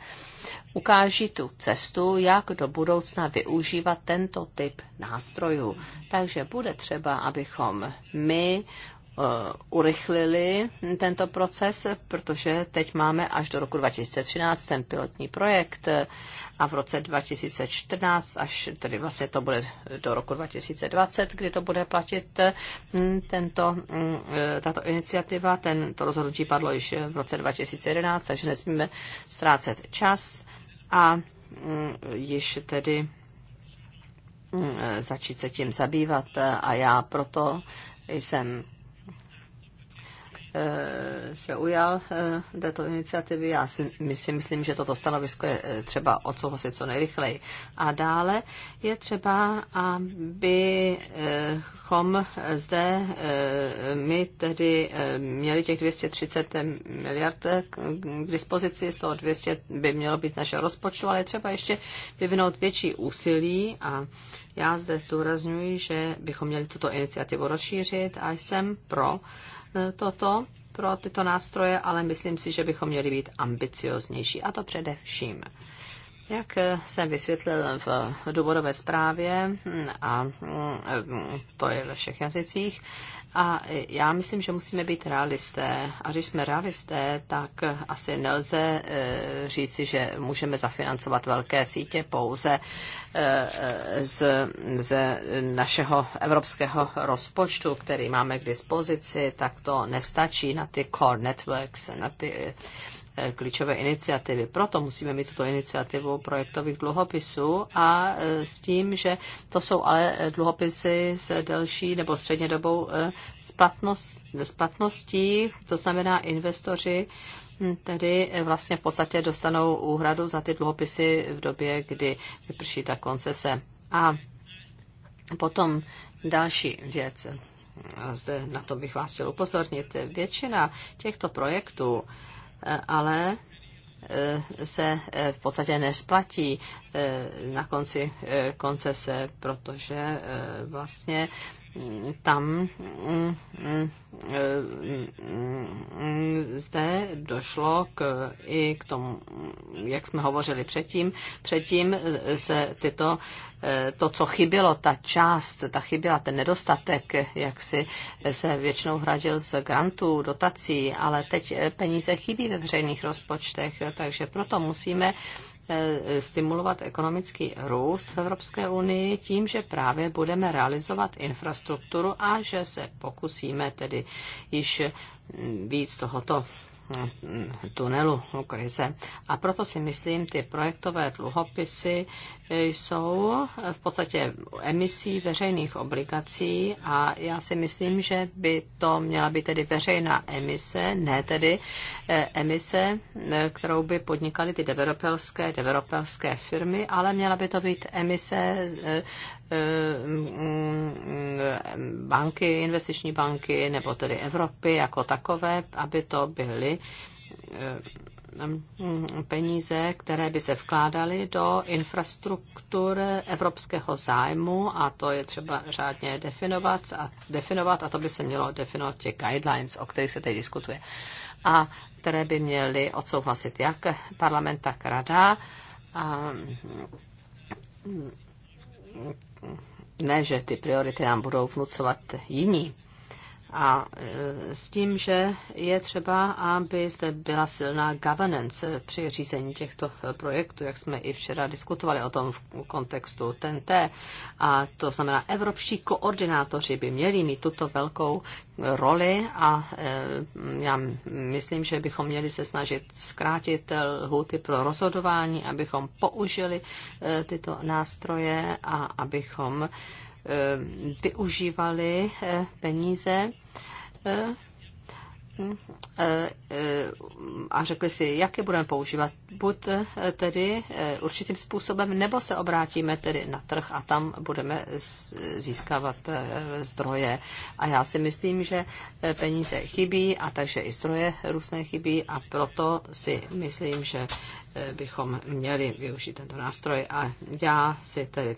[SPEAKER 1] ukáží tu cestu, jak do budoucna využívat tento typ nástrojů. Takže bude třeba, abychom my Eh, urychlili tento proces, protože teď máme až do roku 2013 ten pilotní projekt a v roce 2014, až tedy vlastně to bude do roku 2020, kdy to bude platit hm, tento, hm, eh, tato iniciativa, ten, to rozhodnutí padlo již v roce 2011, takže nesmíme ztrácet čas a hm, již tedy eh, začít se tím zabývat a já proto jsem Eh, se ujal eh, této iniciativy. Já si myslím, myslím, že toto stanovisko je eh, třeba odsouhlasit co nejrychleji. A dále je třeba, abychom zde my tedy měli těch 230 miliard k dispozici, z toho 200 by mělo být naše rozpočtu, ale je třeba ještě vyvinout větší úsilí a já zde zdůrazňuji, že bychom měli tuto iniciativu rozšířit a jsem pro, E, toto pro tyto nástroje, ale myslím si, že bychom měli být ambicioznější, a to především. Jak e, jsem vysvětlil v důvodové zprávě, hm, a hm, e, hm, to je ve všech jazycích, a já myslím, že musíme být realisté. A když jsme realisté, tak asi nelze eh, říci, že můžeme zafinancovat velké sítě pouze eh, eh, z, z našeho evropského rozpočtu, který máme k dispozici, tak to nestačí na ty core networks, na ty klíčové iniciativy. Proto musíme mít tuto iniciativu projektových dluhopisů a e, s tím, že to jsou ale e, dluhopisy s delší nebo středně e, splatnost, splatností, to znamená investoři hm, tedy vlastně v podstatě dostanou úhradu za ty dluhopisy v době, kdy vyprší ta koncese. A potom další věc. Zde na to bych vás chtěl upozornit. Většina těchto projektů ale eh, se eh, v podstatě nesplatí eh, na konci koncese, protože vlastně tam mm, mm, mm, zde došlo k, i k tomu, jak jsme hovořili předtím. Předtím se tyto, eh, to, co chybělo, ta část, ta chyběla, ten nedostatek, jak si se většinou hradil z grantů, dotací, ale teď peníze chybí ve veřejných rozpočtech, takže proto musíme Eh, stimulovat ekonomický růst v Evropské unii tím, že právě budeme realizovat infrastrukturu a že se pokusíme tedy již mm, víc tohoto Eh, tunelu krize. A proto si myslím, ty projektové dluhopisy eh, jsou v podstatě emisí veřejných obligací a já si myslím, že by to měla být tedy veřejná emise, ne tedy eh, emise, kterou by podnikaly ty developerské, developerské firmy, ale měla by to být emise Eh, banky, investiční banky, nebo tedy Evropy jako takové, aby to byly eh, peníze, které by se vkládaly do infrastruktur evropského zájmu a to je třeba řádně definovat a, definovat a to by se mělo definovat těch guidelines, o kterých se teď diskutuje a které by měly odsouhlasit jak parlament, tak rada. A, ne, že ty priority nám budou vnucovat jiní, a e, s tím, že je třeba, aby zde byla silná governance při řízení těchto e, projektů, jak jsme i včera diskutovali o tom v kontextu TNT. A to znamená, evropští koordinátoři by měli mít tuto velkou e, roli a já myslím, že bychom měli se snažit zkrátit lhuty pro rozhodování, abychom použili tyto nástroje a abychom Eh, využívali eh, peníze eh, a řekli si, jak je budeme používat. Buď tedy určitým způsobem, nebo se obrátíme tedy na trh a tam budeme získávat zdroje. A já si myslím, že peníze chybí a takže i zdroje různé chybí a proto si myslím, že bychom měli využít tento nástroj. A já si tedy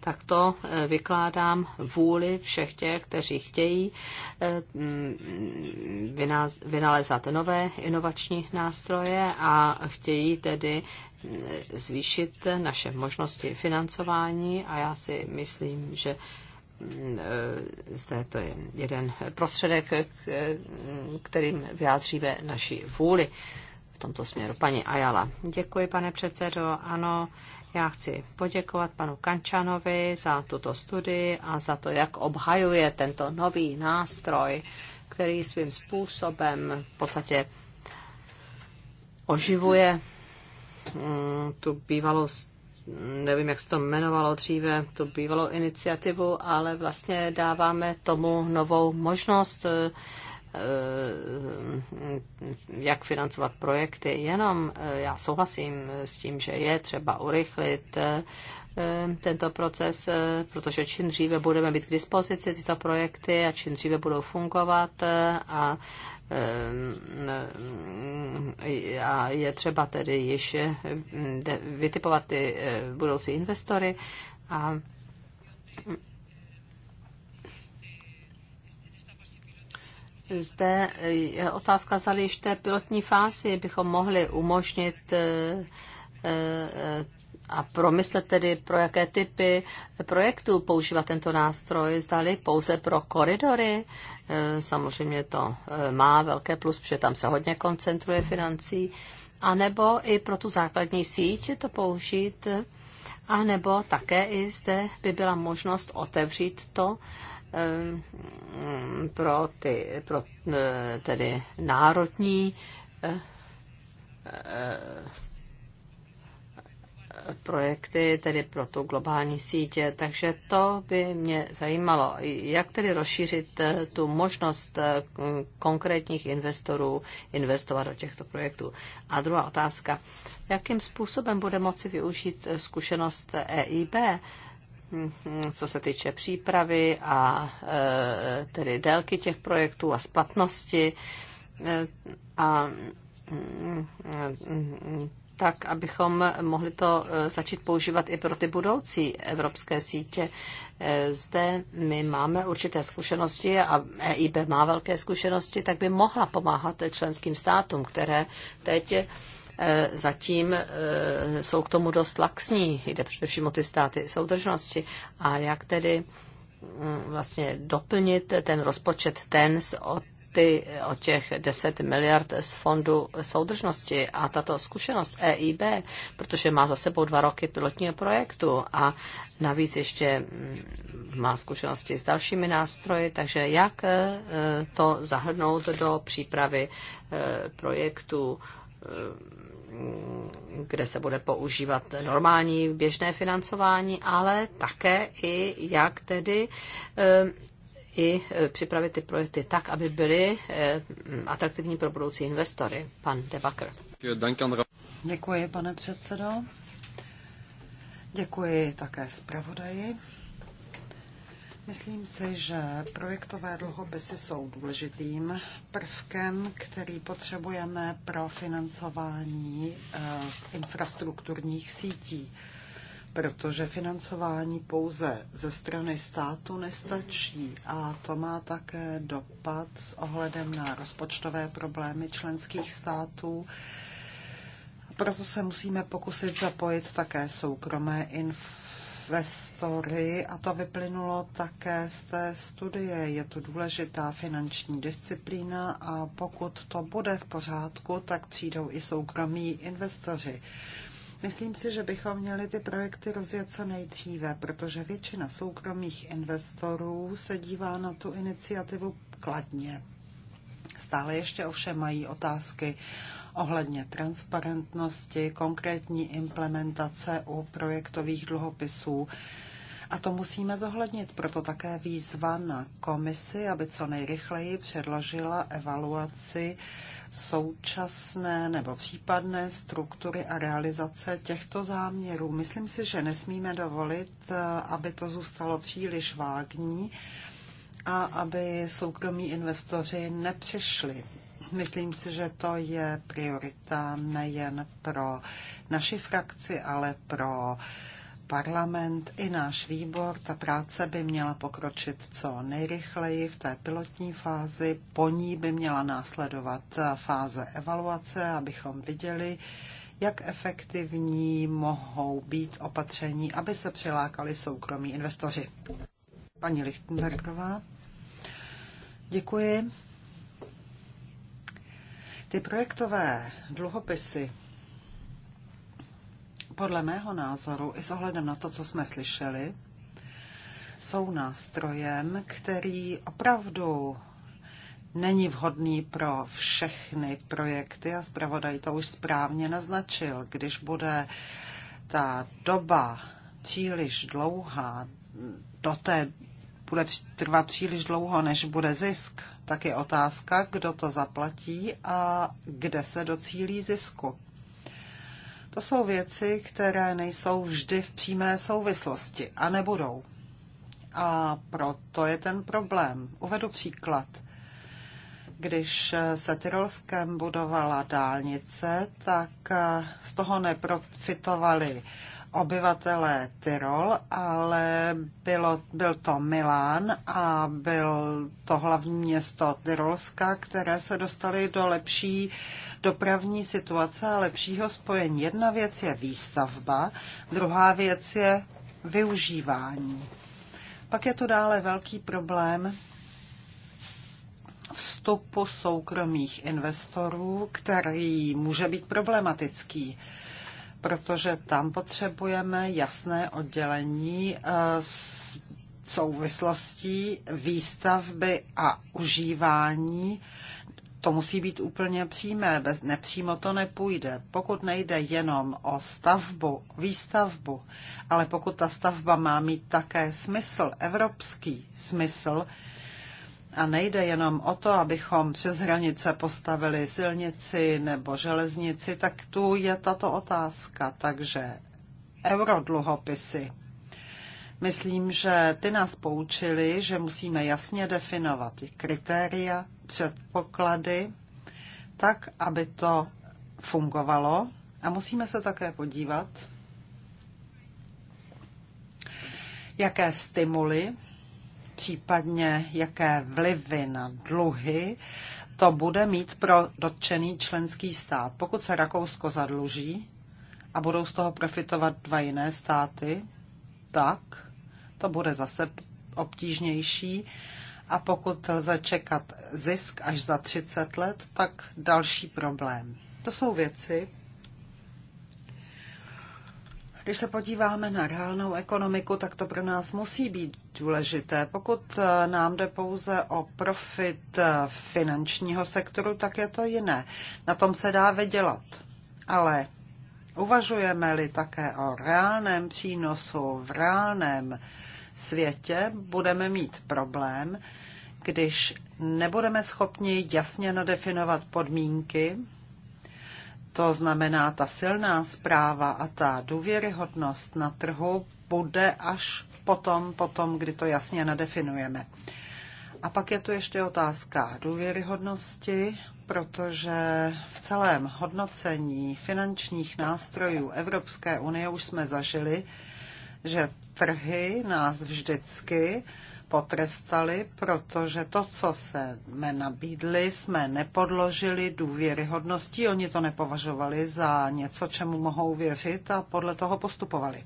[SPEAKER 1] tak to eh, vykládám vůli všech těch, kteří chtějí eh, mm, vynalezat nové inovační nástroje a chtějí tedy eh, zvýšit naše možnosti financování a já si myslím, že mm, zde to je jeden prostředek, kterým vyjádříme naši vůli v tomto směru. Paní Ajala. Děkuji, pane předsedo. Ano, já chci poděkovat panu Kančanovi za tuto studii a za to, jak obhajuje tento nový nástroj, který svým způsobem v podstatě oživuje mm, tu bývalou, nevím, jak se to jmenovalo dříve, tu bývalou iniciativu, ale vlastně dáváme tomu novou možnost Eh, jak financovat projekty. Jenom eh, já souhlasím s tím, že je třeba urychlit eh, tento proces, protože čím dříve budeme být k dispozici tyto projekty a čím dříve budou fungovat a a je třeba tedy již vytipovat ty budoucí investory a Zde je otázka, zda již té pilotní fázi bychom mohli umožnit eh, eh, a promyslet tedy, pro jaké typy projektů používat tento nástroj, zdali pouze pro koridory. Eh, samozřejmě to má velké plus, protože tam se hodně koncentruje financí. A nebo i pro tu základní síť to použít, a nebo také i zde by byla možnost otevřít to Ehm, pro ty pro, e, tedy národní e, e, projekty, tedy pro tu globální sítě. Takže to by mě zajímalo, jak tedy rozšířit tu možnost konkrétních investorů investovat do těchto projektů. A druhá otázka, jakým způsobem bude moci využít zkušenost EIB Mhm, co se týče přípravy a e, tedy délky těch projektů a splatnosti e, a mm, mm, tak, abychom mohli to e, začít používat i pro ty budoucí evropské sítě. Zde my máme určité zkušenosti a EIB má velké zkušenosti, tak by mohla pomáhat členským státům, které teď Eh, zatím eh, jsou k tomu dost laxní, jde především o ty státy soudržnosti. A jak tedy mm, vlastně doplnit ten rozpočet TENS o ty, o těch 10 miliard z fondu soudržnosti a tato zkušenost EIB, protože má za sebou dva roky pilotního projektu a navíc ještě mm, má zkušenosti s dalšími nástroji, takže jak eh, to zahrnout do přípravy projektu kde se bude používat normální běžné financování, ale také i jak tedy eh, i eh, připravit ty projekty tak, aby byly eh, atraktivní pro budoucí investory. Pan Debakr. Děkuji, pane předsedo. Děkuji také
[SPEAKER 3] zpravodaji. Myslím si, že projektové dluhopisy jsou důležitým prvkem, který potřebujeme pro financování eh, infrastrukturních sítí, protože financování pouze ze strany státu nestačí a to má také dopad s ohledem na rozpočtové problémy členských států proto se musíme pokusit zapojit také soukromé inf- investory a to vyplynulo také z té studie. Je tu důležitá finanční disciplína a pokud to bude v pořádku, tak přijdou i soukromí investoři. Myslím si, že bychom měli ty projekty rozjet co nejdříve, protože většina soukromých investorů se dívá na tu iniciativu kladně. Stále ještě ovšem mají otázky ohledně transparentnosti, konkrétní implementace u projektových dluhopisů. A to musíme zohlednit, proto také výzva na komisi, aby co nejrychleji předložila evaluaci současné nebo případné struktury a realizace těchto záměrů. Myslím si, že nesmíme dovolit, aby to zůstalo příliš vágní a aby soukromí investoři nepřišli Myslím si, že to je priorita nejen pro naši frakci, ale pro parlament i náš výbor. Ta práce by měla pokročit co nejrychleji v té pilotní fázi. Po ní by měla následovat fáze evaluace, abychom viděli, jak efektivní mohou být opatření, aby se přilákali soukromí investoři. Paní Lichtenbergová. Děkuji. Ty projektové dluhopisy podle mého názoru i s ohledem na to, co jsme slyšeli, jsou nástrojem, který opravdu není vhodný pro všechny projekty a zpravodaj to už správně naznačil. Když bude ta doba příliš dlouhá, do té bude trvat příliš dlouho, než bude zisk, tak je otázka, kdo to zaplatí a kde se docílí zisku. To jsou věci, které nejsou vždy v přímé souvislosti a nebudou. A proto je ten problém. Uvedu příklad. Když se Tyrolskem budovala dálnice, tak z toho neprofitovali obyvatelé Tyrol, ale bylo, byl to Milán a byl to hlavní město Tyrolska, které se dostaly do lepší dopravní situace a lepšího spojení. Jedna věc je výstavba, druhá věc je využívání. Pak je to dále velký problém vstupu soukromých investorů, který může být problematický protože tam potřebujeme jasné oddělení eh, souvislostí výstavby a užívání. To musí být úplně přímé, bez nepřímo to nepůjde. Pokud nejde jenom o stavbu, výstavbu, ale pokud ta stavba má mít také smysl, evropský smysl, a nejde jenom o to, abychom přes hranice postavili silnici nebo železnici, tak tu je tato otázka. Takže eurodluhopisy. Myslím, že ty nás poučili, že musíme jasně definovat kritéria, předpoklady, tak, aby to fungovalo. A musíme se také podívat, jaké stimuly případně jaké vlivy na dluhy to bude mít pro dotčený členský stát. Pokud se Rakousko zadluží a budou z toho profitovat dva jiné státy, tak to bude zase obtížnější. A pokud lze čekat zisk až za 30 let, tak další problém. To jsou věci, když se podíváme na reálnou ekonomiku, tak to pro nás musí být důležité. Pokud eh, nám jde pouze o profit eh, finančního sektoru, tak je to jiné. Na tom se dá vydělat. Ale uvažujeme-li také o reálném přínosu v reálném světě, budeme mít problém, když nebudeme schopni jasně nadefinovat podmínky, to znamená, ta silná zpráva a ta důvěryhodnost na trhu bude až potom, potom, kdy to jasně nadefinujeme. A pak je tu ještě otázka důvěryhodnosti, protože v celém hodnocení finančních nástrojů Evropské unie už jsme zažili, že trhy nás vždycky potrestali, protože to, co se jsme nabídli, jsme nepodložili důvěryhodností. Oni to nepovažovali za něco, čemu mohou věřit a podle toho postupovali.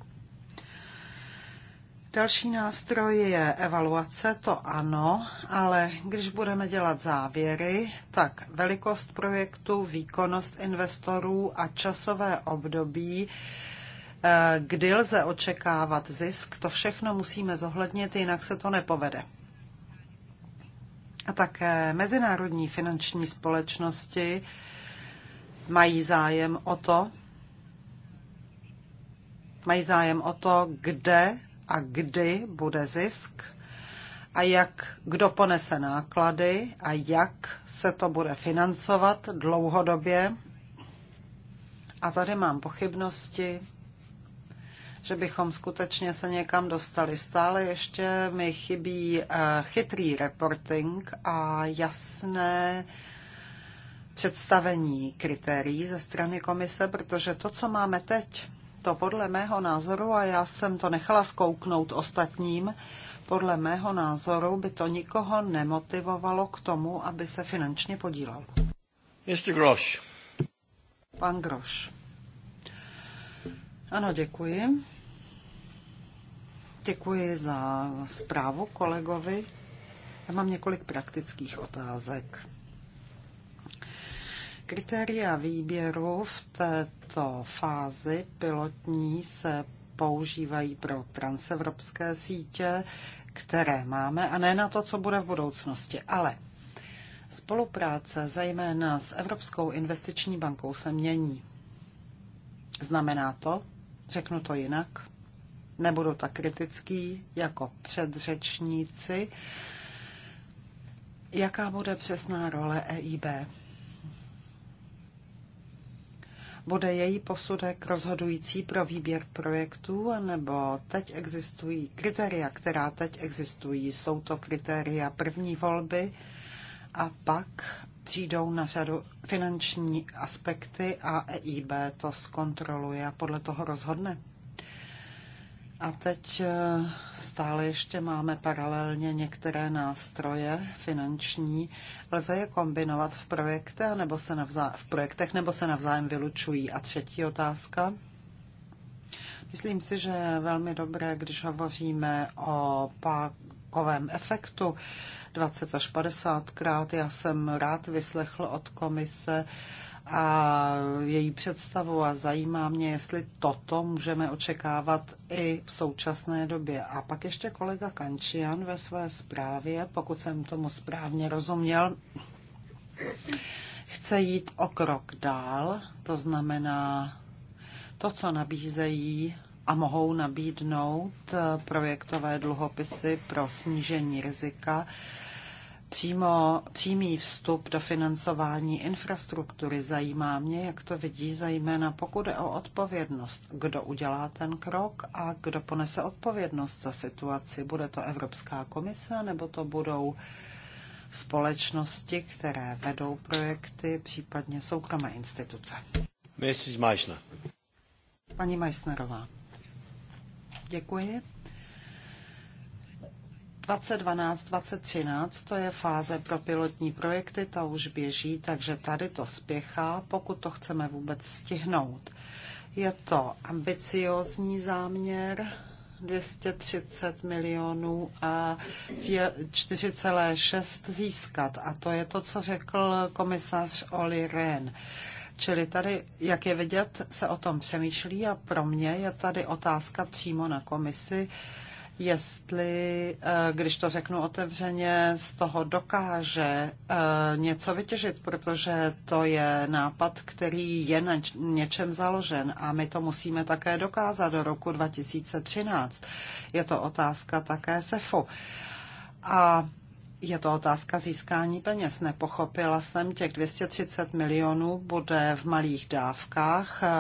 [SPEAKER 3] Další nástroj je evaluace, to ano, ale když budeme dělat závěry, tak velikost projektu, výkonnost investorů a časové období Eh, kdy lze očekávat zisk, to všechno musíme zohlednit, jinak se to nepovede. A také mezinárodní finanční společnosti mají zájem o to, mají zájem o to, kde a kdy bude zisk a jak, kdo ponese náklady a jak se to bude financovat dlouhodobě. A tady mám pochybnosti, že bychom skutečně se někam dostali. Stále ještě mi chybí eh, chytrý reporting a jasné představení kritérií ze strany komise, protože to, co máme teď, to podle mého názoru, a já jsem to nechala skouknout ostatním, podle mého názoru by to nikoho nemotivovalo k tomu, aby se finančně podílal.
[SPEAKER 1] Mr. Grosch.
[SPEAKER 3] Pan Grosch. Ano, děkuji. Děkuji za zprávu kolegovi. Já mám několik praktických otázek. Kritéria výběru v této fázi pilotní se používají pro transevropské sítě, které máme, a ne na to, co bude v budoucnosti. Ale spolupráce zejména s Evropskou investiční bankou se mění. Znamená to, řeknu to jinak, nebudu tak kritický jako předřečníci, jaká bude přesná role EIB. Bude její posudek rozhodující pro výběr projektů, nebo teď existují kritéria, která teď existují? Jsou to kritéria první volby a pak přijdou na řadu finanční aspekty a EIB to zkontroluje a podle toho rozhodne. A teď eh, stále ještě máme paralelně některé nástroje finanční. Lze je kombinovat v, projekte, nebo se navzá, v projektech nebo se navzájem vylučují. A třetí otázka. Myslím si, že je velmi dobré, když hovoříme o pákovém efektu, 20 až 50 krát. Já jsem rád vyslechl od komise a její představu a zajímá mě, jestli toto můžeme očekávat i v současné době. A pak ještě kolega Kančian ve své zprávě, pokud jsem tomu správně rozuměl, chce jít o krok dál, to znamená to, co nabízejí a mohou nabídnout eh, projektové dluhopisy pro snížení rizika, přímo, přímý vstup do financování infrastruktury. Zajímá mě, jak to vidí, zejména pokud je o odpovědnost. Kdo udělá ten krok a kdo ponese odpovědnost za situaci? Bude to Evropská komise nebo to budou společnosti, které vedou projekty, případně soukromé instituce? Paní Meissnerová. Děkuji. 2012, 2013, to je fáze pro pilotní projekty, ta už běží, takže tady to spěchá, pokud to chceme vůbec stihnout. Je to ambiciózní záměr, 230 milionů a 4,6 získat. A to je to, co řekl komisař Oli Rehn. Čili tady, jak je vidět, se o tom přemýšlí a pro mě je tady otázka přímo na komisi, jestli, eh, když to řeknu otevřeně, z toho dokáže eh, něco vytěžit, protože to je nápad, který je na něčem založen a my to musíme také dokázat do roku 2013. Je to otázka také SEFu. A je to otázka získání peněz. Nepochopila jsem, těch 230 milionů bude v malých dávkách, eh,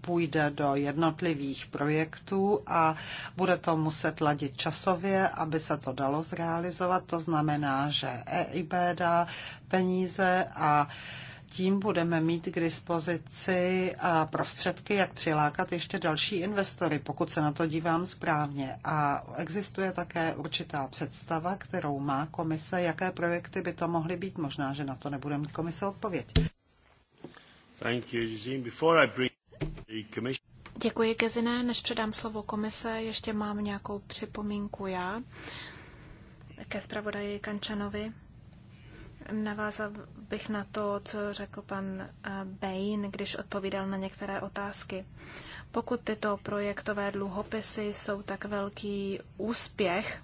[SPEAKER 3] půjde do jednotlivých projektů a bude to muset ladit časově, aby se to dalo zrealizovat. To znamená, že EIB dá peníze a tím budeme mít k dispozici prostředky, jak přilákat ještě další investory, pokud se na to dívám správně. A existuje také určitá představa, kterou má komise, jaké projekty by to mohly být. Možná, že na to nebude mít komise odpověď.
[SPEAKER 2] Děkuji, Gezine. Než předám slovo komise, ještě mám nějakou připomínku já ke zpravodaji Kančanovi. Navázal bych na to, co řekl pan eh, Bain, když odpovídal na některé otázky. Pokud tyto projektové dluhopisy jsou tak velký úspěch,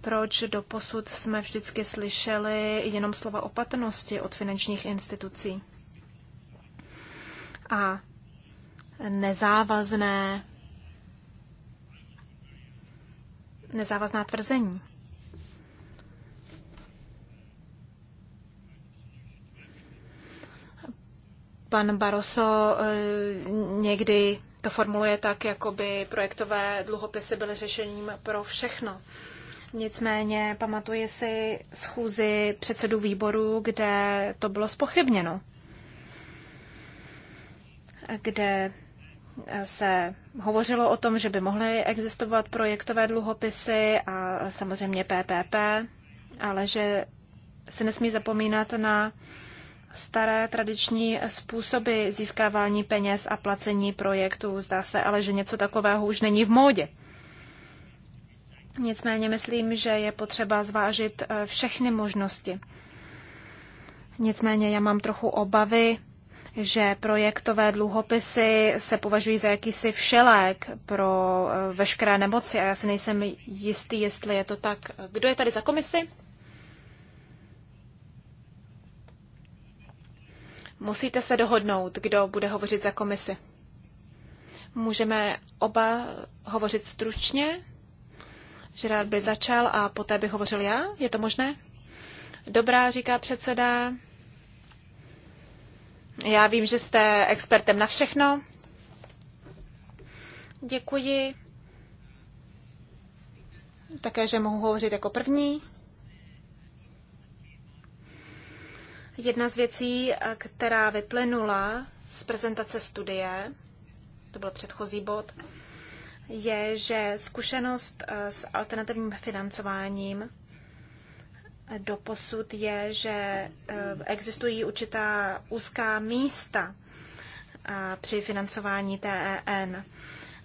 [SPEAKER 2] proč do posud jsme vždycky slyšeli jenom slova opatrnosti od finančních institucí a nezávazné
[SPEAKER 1] nezávazná tvrzení.
[SPEAKER 2] Pan Barroso eh, někdy to formuluje tak, jako by projektové dluhopisy byly řešením pro všechno. Nicméně pamatuje si schůzi předsedů výboru, kde to bylo spochybněno. Kde eh, se hovořilo o tom, že by mohly existovat projektové dluhopisy a samozřejmě PPP, ale že se nesmí zapomínat na staré tradiční způsoby získávání peněz a placení projektů. Zdá se ale, že něco takového už není v módě. Nicméně myslím, že je potřeba zvážit eh, všechny možnosti. Nicméně já mám trochu obavy, že projektové dluhopisy se považují za jakýsi všelék pro eh, veškeré nemoci a já si nejsem jistý, jestli je to tak. Kdo je tady za komisi? Musíte se dohodnout, kdo bude hovořit za komisi. Můžeme oba hovořit stručně? Žerard by začal a poté bych hovořil já? Je to možné? Dobrá, říká předseda. Já vím, že jste expertem na všechno. Děkuji. Také, že mohu hovořit jako první. Jedna z věcí, která vyplynula z prezentace studie, to byl předchozí bod, je, že zkušenost eh, s alternativním financováním doposud je, že eh, existují určitá úzká místa eh, při financování TEN.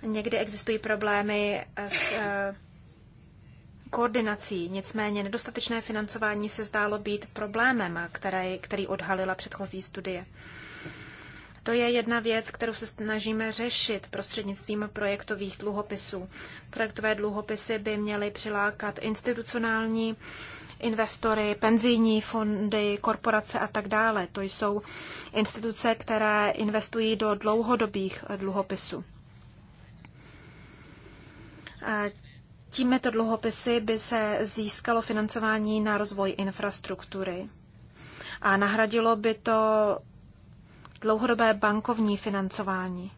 [SPEAKER 2] Někdy existují problémy s koordinací, nicméně nedostatečné financování se zdálo být problémem, který, který odhalila předchozí studie. To je jedna věc, kterou se snažíme řešit prostřednictvím projektových dluhopisů. Projektové dluhopisy by měly přilákat institucionální investory, penzijní fondy, korporace a tak dále. To jsou instituce, které investují do dlouhodobých dluhopisů. Tímito dluhopisy by se získalo financování na rozvoj infrastruktury a nahradilo by to dlouhodobé bankovní financování.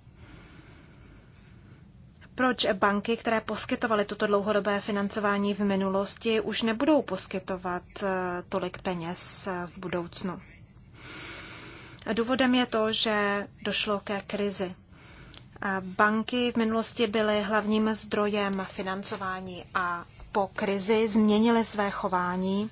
[SPEAKER 2] Proč banky, které poskytovaly toto dlouhodobé financování v minulosti, už nebudou poskytovat eh, tolik peněz eh, v budoucnu? Důvodem je to, že došlo ke krizi. Banky v minulosti byly hlavním zdrojem financování a po krizi změnily své chování.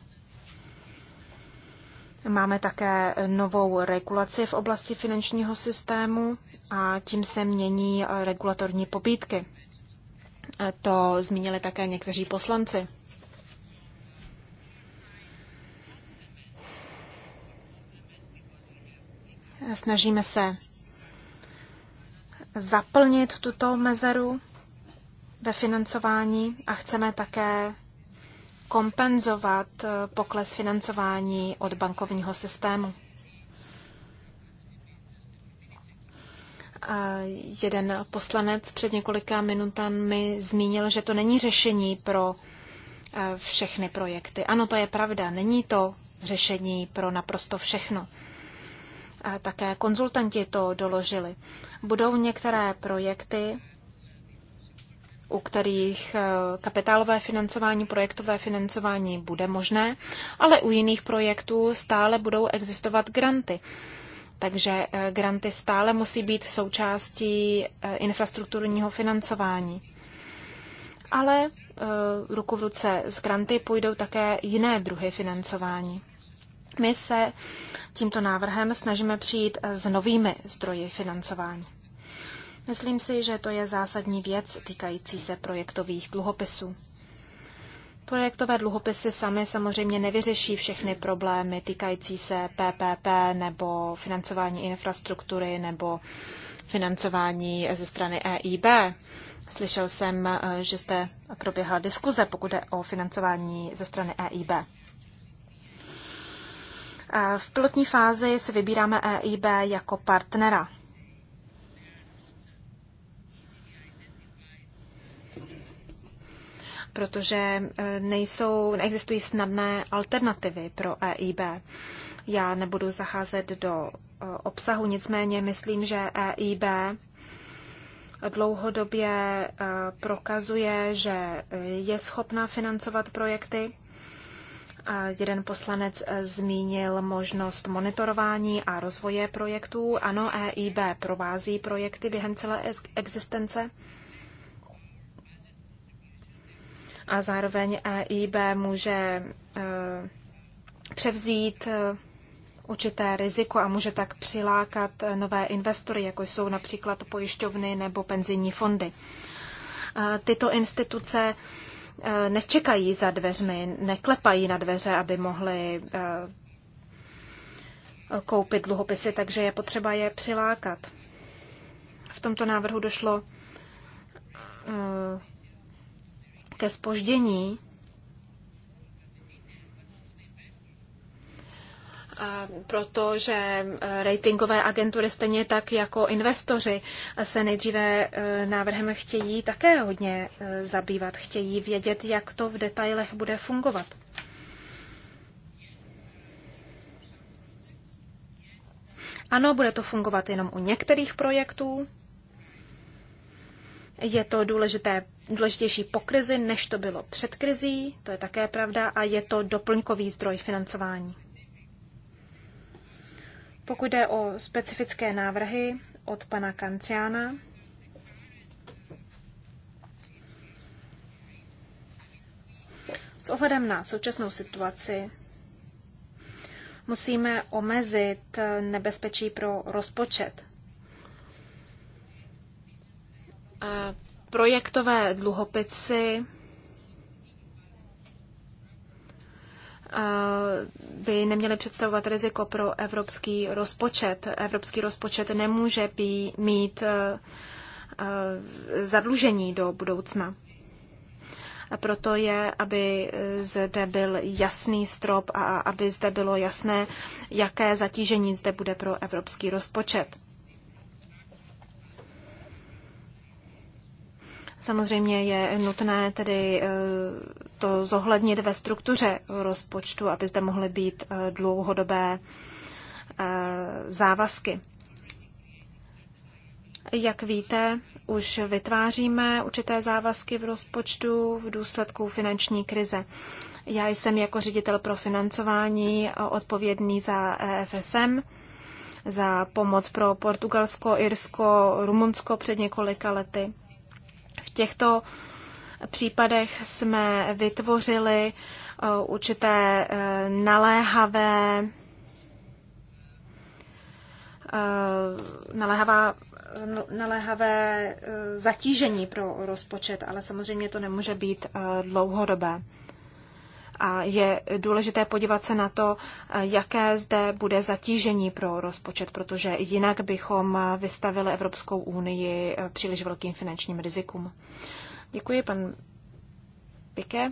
[SPEAKER 2] Máme také novou regulaci v oblasti finančního systému a tím se mění regulatorní pobídky. To zmínili také někteří poslanci. Snažíme se zaplnit tuto mezeru ve financování a chceme také kompenzovat eh, pokles financování od bankovního systému. A jeden poslanec před několika minutami zmínil, že to není řešení pro eh, všechny projekty. Ano, to je pravda, není to řešení pro naprosto všechno také konzultanti to doložili. Budou některé projekty, u kterých eh, kapitálové financování, projektové financování bude možné, ale u jiných projektů stále budou existovat granty. Takže eh, granty stále musí být součástí eh, infrastrukturního financování. Ale ruku v ruce s granty půjdou také jiné druhy financování. My se tímto návrhem snažíme přijít s novými zdroji financování. Myslím si, že to je zásadní věc týkající se projektových dluhopisů. Projektové dluhopisy sami samozřejmě nevyřeší všechny problémy týkající se PPP nebo financování infrastruktury nebo financování ze strany EIB. Slyšel jsem, že jste proběhla diskuze, pokud je o financování ze strany EIB. V pilotní fázi si vybíráme EIB jako partnera. protože e, nejsou, neexistují snadné alternativy pro EIB. Já nebudu zacházet do e, obsahu, nicméně myslím, že EIB dlouhodobě e, prokazuje, že je schopná financovat projekty Jeden poslanec eh, zmínil možnost monitorování a rozvoje projektů. Ano, EIB provází projekty během celé existence. A zároveň EIB může eh, převzít eh, určité riziko a může tak přilákat nové investory, jako jsou například pojišťovny nebo penzijní fondy. Tyto instituce Eh, nečekají za dveřmi, neklepají na dveře, aby mohli eh, koupit dluhopisy, takže je potřeba je přilákat. V tomto návrhu došlo eh, ke spoždění protože e, ratingové agentury stejně tak jako investoři se nejdříve e, návrhem chtějí také hodně e, zabývat. Chtějí vědět, jak to v detailech bude fungovat. Ano, bude to fungovat jenom u některých projektů. Je to důležité, důležitější po krizi, než to bylo před krizí, to je také pravda, a je to doplňkový zdroj financování. Pokud jde o specifické návrhy od pana Kanciána, S ohledem na současnou situaci musíme omezit nebezpečí pro rozpočet. Projektové dluhopisy by neměly představovat riziko pro evropský rozpočet. Evropský rozpočet nemůže by mít e, e, zadlužení do budoucna. A proto je, aby zde byl jasný strop a aby zde bylo jasné, jaké zatížení zde bude pro evropský rozpočet. Samozřejmě je nutné tedy e, to zohlednit ve struktuře rozpočtu, aby zde mohly být eh, dlouhodobé eh, závazky. Jak víte, už vytváříme určité závazky v rozpočtu v důsledku finanční krize. Já jsem jako ředitel pro financování odpovědný za EFSM, za pomoc pro Portugalsko, Irsko, Rumunsko před několika lety. V těchto případech jsme vytvořili eh, určité eh, naléhavé eh, naléhavá, naléhavé zatížení pro rozpočet, ale samozřejmě to nemůže být dlouhodobé. A je důležité podívat se na to, jaké zde bude zatížení pro rozpočet, protože jinak bychom vystavili Evropskou unii příliš velkým finančním rizikům. Děkuji, pan Pike.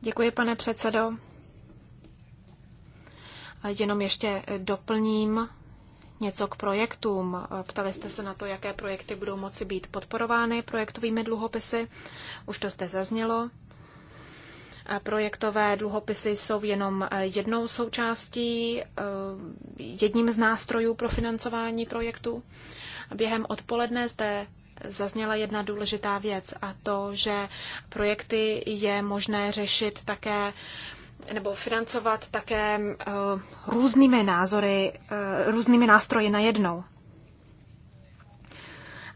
[SPEAKER 2] Děkuji, pane předsedo. Jenom ještě doplním něco k projektům. Ptali jste se na to, jaké projekty budou moci být podporovány projektovými dluhopisy. Už to zde zaznělo. projektové dluhopisy jsou jenom jednou součástí, eh, jedním z nástrojů pro financování projektu. Během odpoledne zde zazněla jedna důležitá věc a to, že projekty je možné řešit také nebo financovat také uh, různými názory, uh, různými nástroji najednou.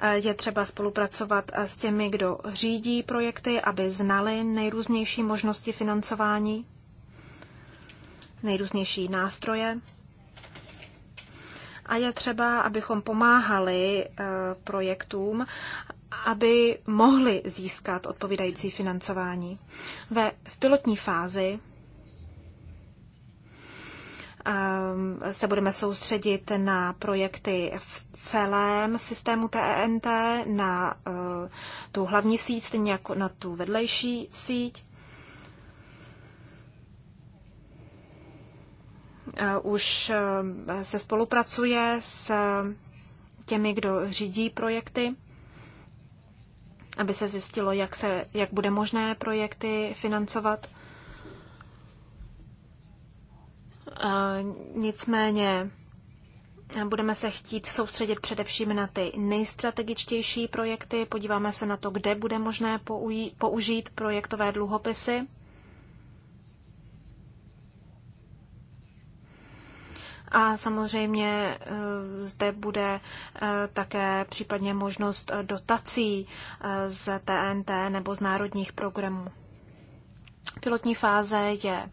[SPEAKER 2] Eh, je třeba spolupracovat s těmi, kdo řídí projekty, aby znali nejrůznější možnosti financování, nejrůznější nástroje a je třeba, abychom pomáhali eh, projektům, aby mohli získat odpovídající financování. Ve, v pilotní fázi ehm, se budeme soustředit na projekty v celém systému TENT, e na eh, tu hlavní síť, stejně jako na tu vedlejší síť. Eh, už eh, se spolupracuje s eh, těmi, kdo řídí projekty, aby se zjistilo, jak, se, jak bude možné projekty financovat. Nicméně budeme se chtít soustředit především na ty nejstrategičtější projekty. Podíváme se na to, kde bude možné použít projektové dluhopisy A samozřejmě eh, zde bude eh, také případně možnost eh, dotací z TNT nebo z národních programů. Pilotní fáze je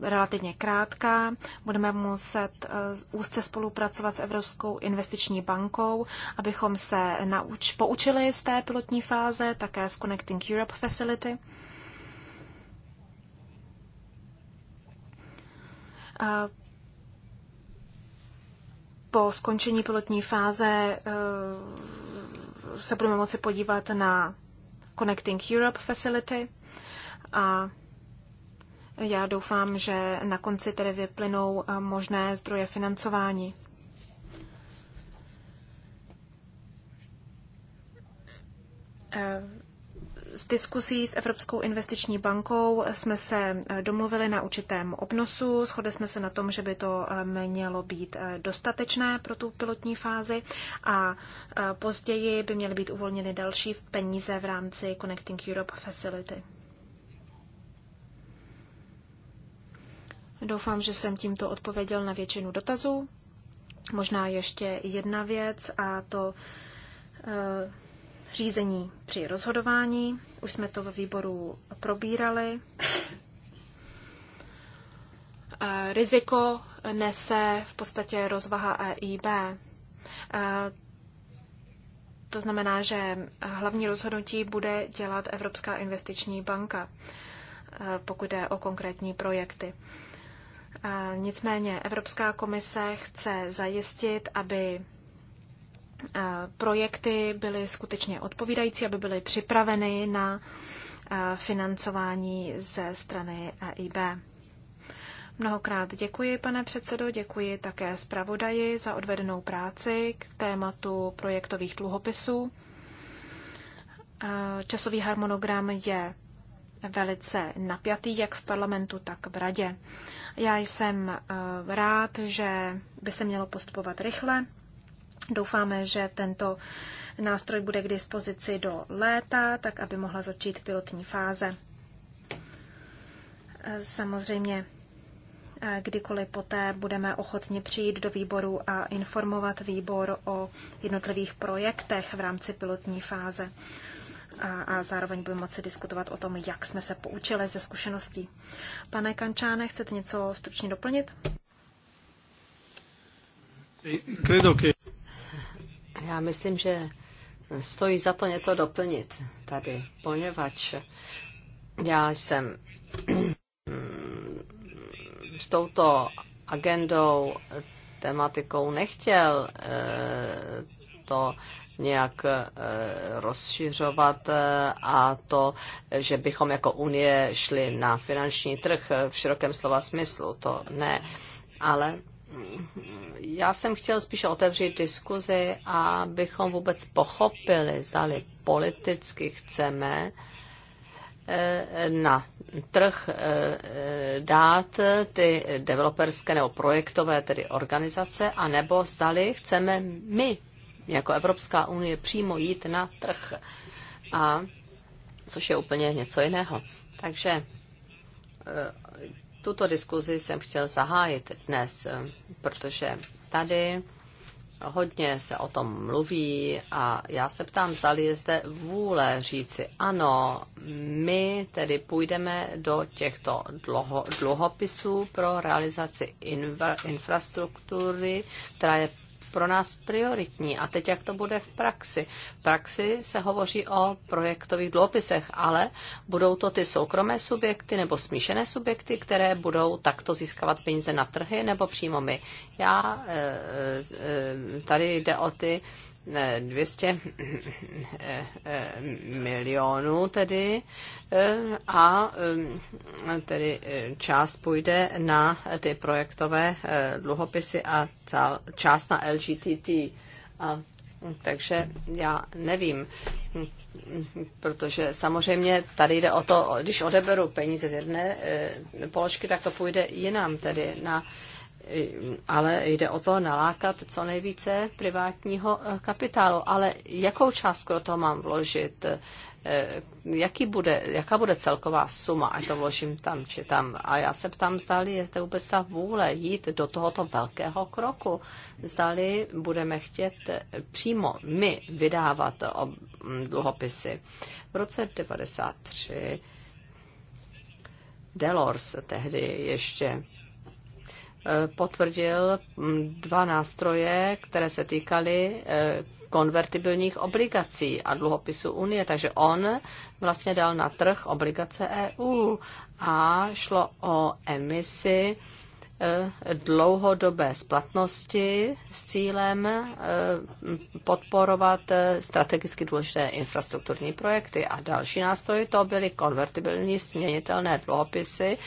[SPEAKER 2] relativně krátká. Budeme muset úzce spolupracovat s Evropskou investiční bankou, abychom se nauč, poučili z té pilotní fáze, také z Connecting Europe Facility po skončení pilotní fáze eh, se budeme moci podívat na Connecting Europe Facility a já doufám, že na konci tedy vyplynou eh, možné zdroje financování. Eh, s diskusí s Evropskou investiční bankou jsme se eh, domluvili na určitém obnosu, shodli jsme se na tom, že by to eh, mělo být eh, dostatečné pro tu pilotní fázi a později by měly být uvolněny další peníze v rámci Connecting Europe Facility. Doufám, že jsem tímto odpověděl na většinu dotazů. Možná ještě jedna věc a to řízení při rozhodování. Už jsme to ve výboru probírali. Riziko nese v podstatě rozvaha EIB. To znamená, že hlavní rozhodnutí bude dělat Evropská investiční banka, pokud jde o konkrétní projekty. Nicméně Evropská komise chce zajistit, aby projekty byly skutečně odpovídající, aby byly připraveny na financování ze strany EIB. Mnohokrát děkuji, pane předsedo, děkuji také zpravodaji za odvedenou práci k tématu projektových dluhopisů. Časový harmonogram je velice napjatý, jak v parlamentu, tak v radě. Já jsem rád, že by se mělo postupovat rychle Doufáme, že tento nástroj bude k dispozici do léta, tak aby mohla začít pilotní fáze. Samozřejmě kdykoliv poté budeme ochotni přijít do výboru a informovat výbor o jednotlivých projektech v rámci pilotní fáze. A, a zároveň budeme moci diskutovat o tom, jak jsme se poučili ze zkušeností. Pane Kančáne, chcete něco stručně doplnit?
[SPEAKER 1] Credo já myslím, že stojí za to něco doplnit tady, poněvadž já jsem s touto agendou, tematikou nechtěl eh, to nějak eh, rozšiřovat eh, a to, že bychom jako Unie šli na finanční trh v širokém slova smyslu, to ne. Ale já jsem chtěl spíše otevřít diskuzi, abychom vůbec pochopili, zdali politicky chceme eh, na trh eh, eh, dát ty developerské nebo projektové tedy organizace, anebo zdali chceme my jako Evropská unie přímo jít na trh. A což je úplně něco jiného. Takže tuto diskuzi jsem chtěl zahájit dnes, eh, protože tady hodně se o tom mluví a já se ptám, zda je zde vůle říci, ano, my tedy půjdeme do těchto dluho, dluhopisů pro realizaci inv, infrastruktury, která je pro nás prioritní. A teď, jak to bude v praxi? V praxi se hovoří o projektových dluhopisech, ale budou to ty soukromé subjekty nebo smíšené subjekty, které budou takto získávat peníze na trhy nebo přímo my. Já eh, eh, tady jde o ty 200 eh, eh, milionů tedy eh, a tedy část půjde na ty projektové dluhopisy a část na LGTT. A, takže já nevím, protože samozřejmě tady jde o to, když odeberu peníze z jedné položky, tak to půjde jinam, tedy na ale jde o to nalákat co nejvíce privátního eh, kapitálu. Ale jakou částku do toho mám vložit? Eh, jaký bude, jaká bude celková suma, ať to vložím tam či tam? A já se ptám, zdali je zde vůbec ta vůle jít do tohoto velkého kroku. Zdali budeme chtět eh, přímo my vydávat mm, dluhopisy. V roce 1993 Delors tehdy ještě Eh, potvrdil mm, dva nástroje, které se týkaly eh, konvertibilních obligací a dluhopisu Unie. Takže on vlastně dal na trh obligace EU a šlo o emisi Eh, dlouhodobé splatnosti s cílem eh, podporovat eh, strategicky důležité infrastrukturní projekty. A další nástroj to byly konvertibilní směnitelné dluhopisy,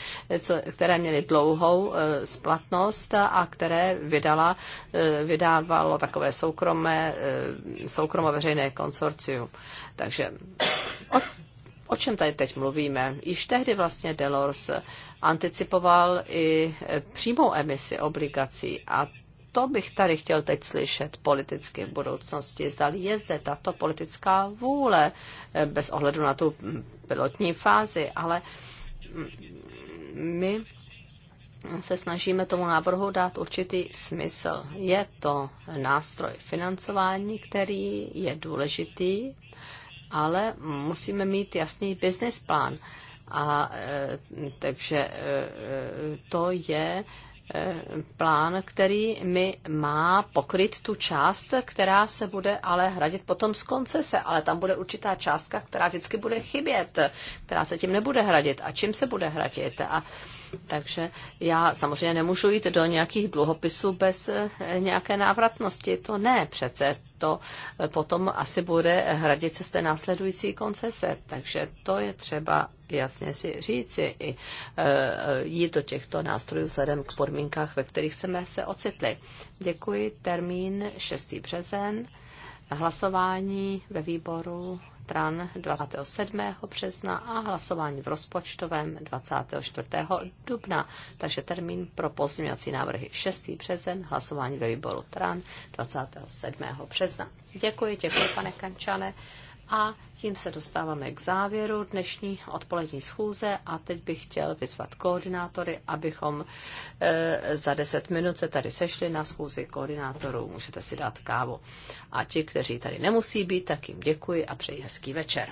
[SPEAKER 1] které měly dlouhou splatnost a které vydala, vydávalo takové soukromé, soukromo veřejné konsorcium. Takže O čem tady teď mluvíme? Již tehdy vlastně Delors anticipoval i e, přímou emisi obligací a to bych tady chtěl teď slyšet politicky v budoucnosti. Zda je zde tato politická vůle, e, bez ohledu na tu pilotní fázi, ale my se snažíme tomu návrhu dát určitý smysl. Je to nástroj financování, který je důležitý ale musíme mít jasný business plán. A e, takže e, e, to je plán, který mi má pokryt tu část, která se bude ale hradit potom z koncese, ale tam bude určitá částka, která vždycky bude chybět, která se tím nebude hradit a čím se bude hradit. A takže já samozřejmě nemůžu jít do nějakých dluhopisů bez eh, nějaké návratnosti. To ne přece. To eh, potom asi bude hradit se z té následující koncese. Takže to je třeba jasně si říci i eh, jít do těchto nástrojů vzhledem k podmínkách, ve kterých jsme se ocitli. Děkuji. Termín 6. březen. Hlasování ve výboru stran 27. března a hlasování v rozpočtovém 24. dubna. Takže termín pro pozměňovací návrhy 6. březen, hlasování ve výboru TRAN 27. března. Děkuji, děkuji pane Kančane. A tím se dostáváme k závěru dnešní odpolední schůze a teď bych chtěl vyzvat koordinátory, abychom e, za 10 minut se tady sešli na schůzi koordinátorů. Můžete si dát kávu. A ti, kteří tady nemusí být, tak jim děkuji a přeji hezký večer.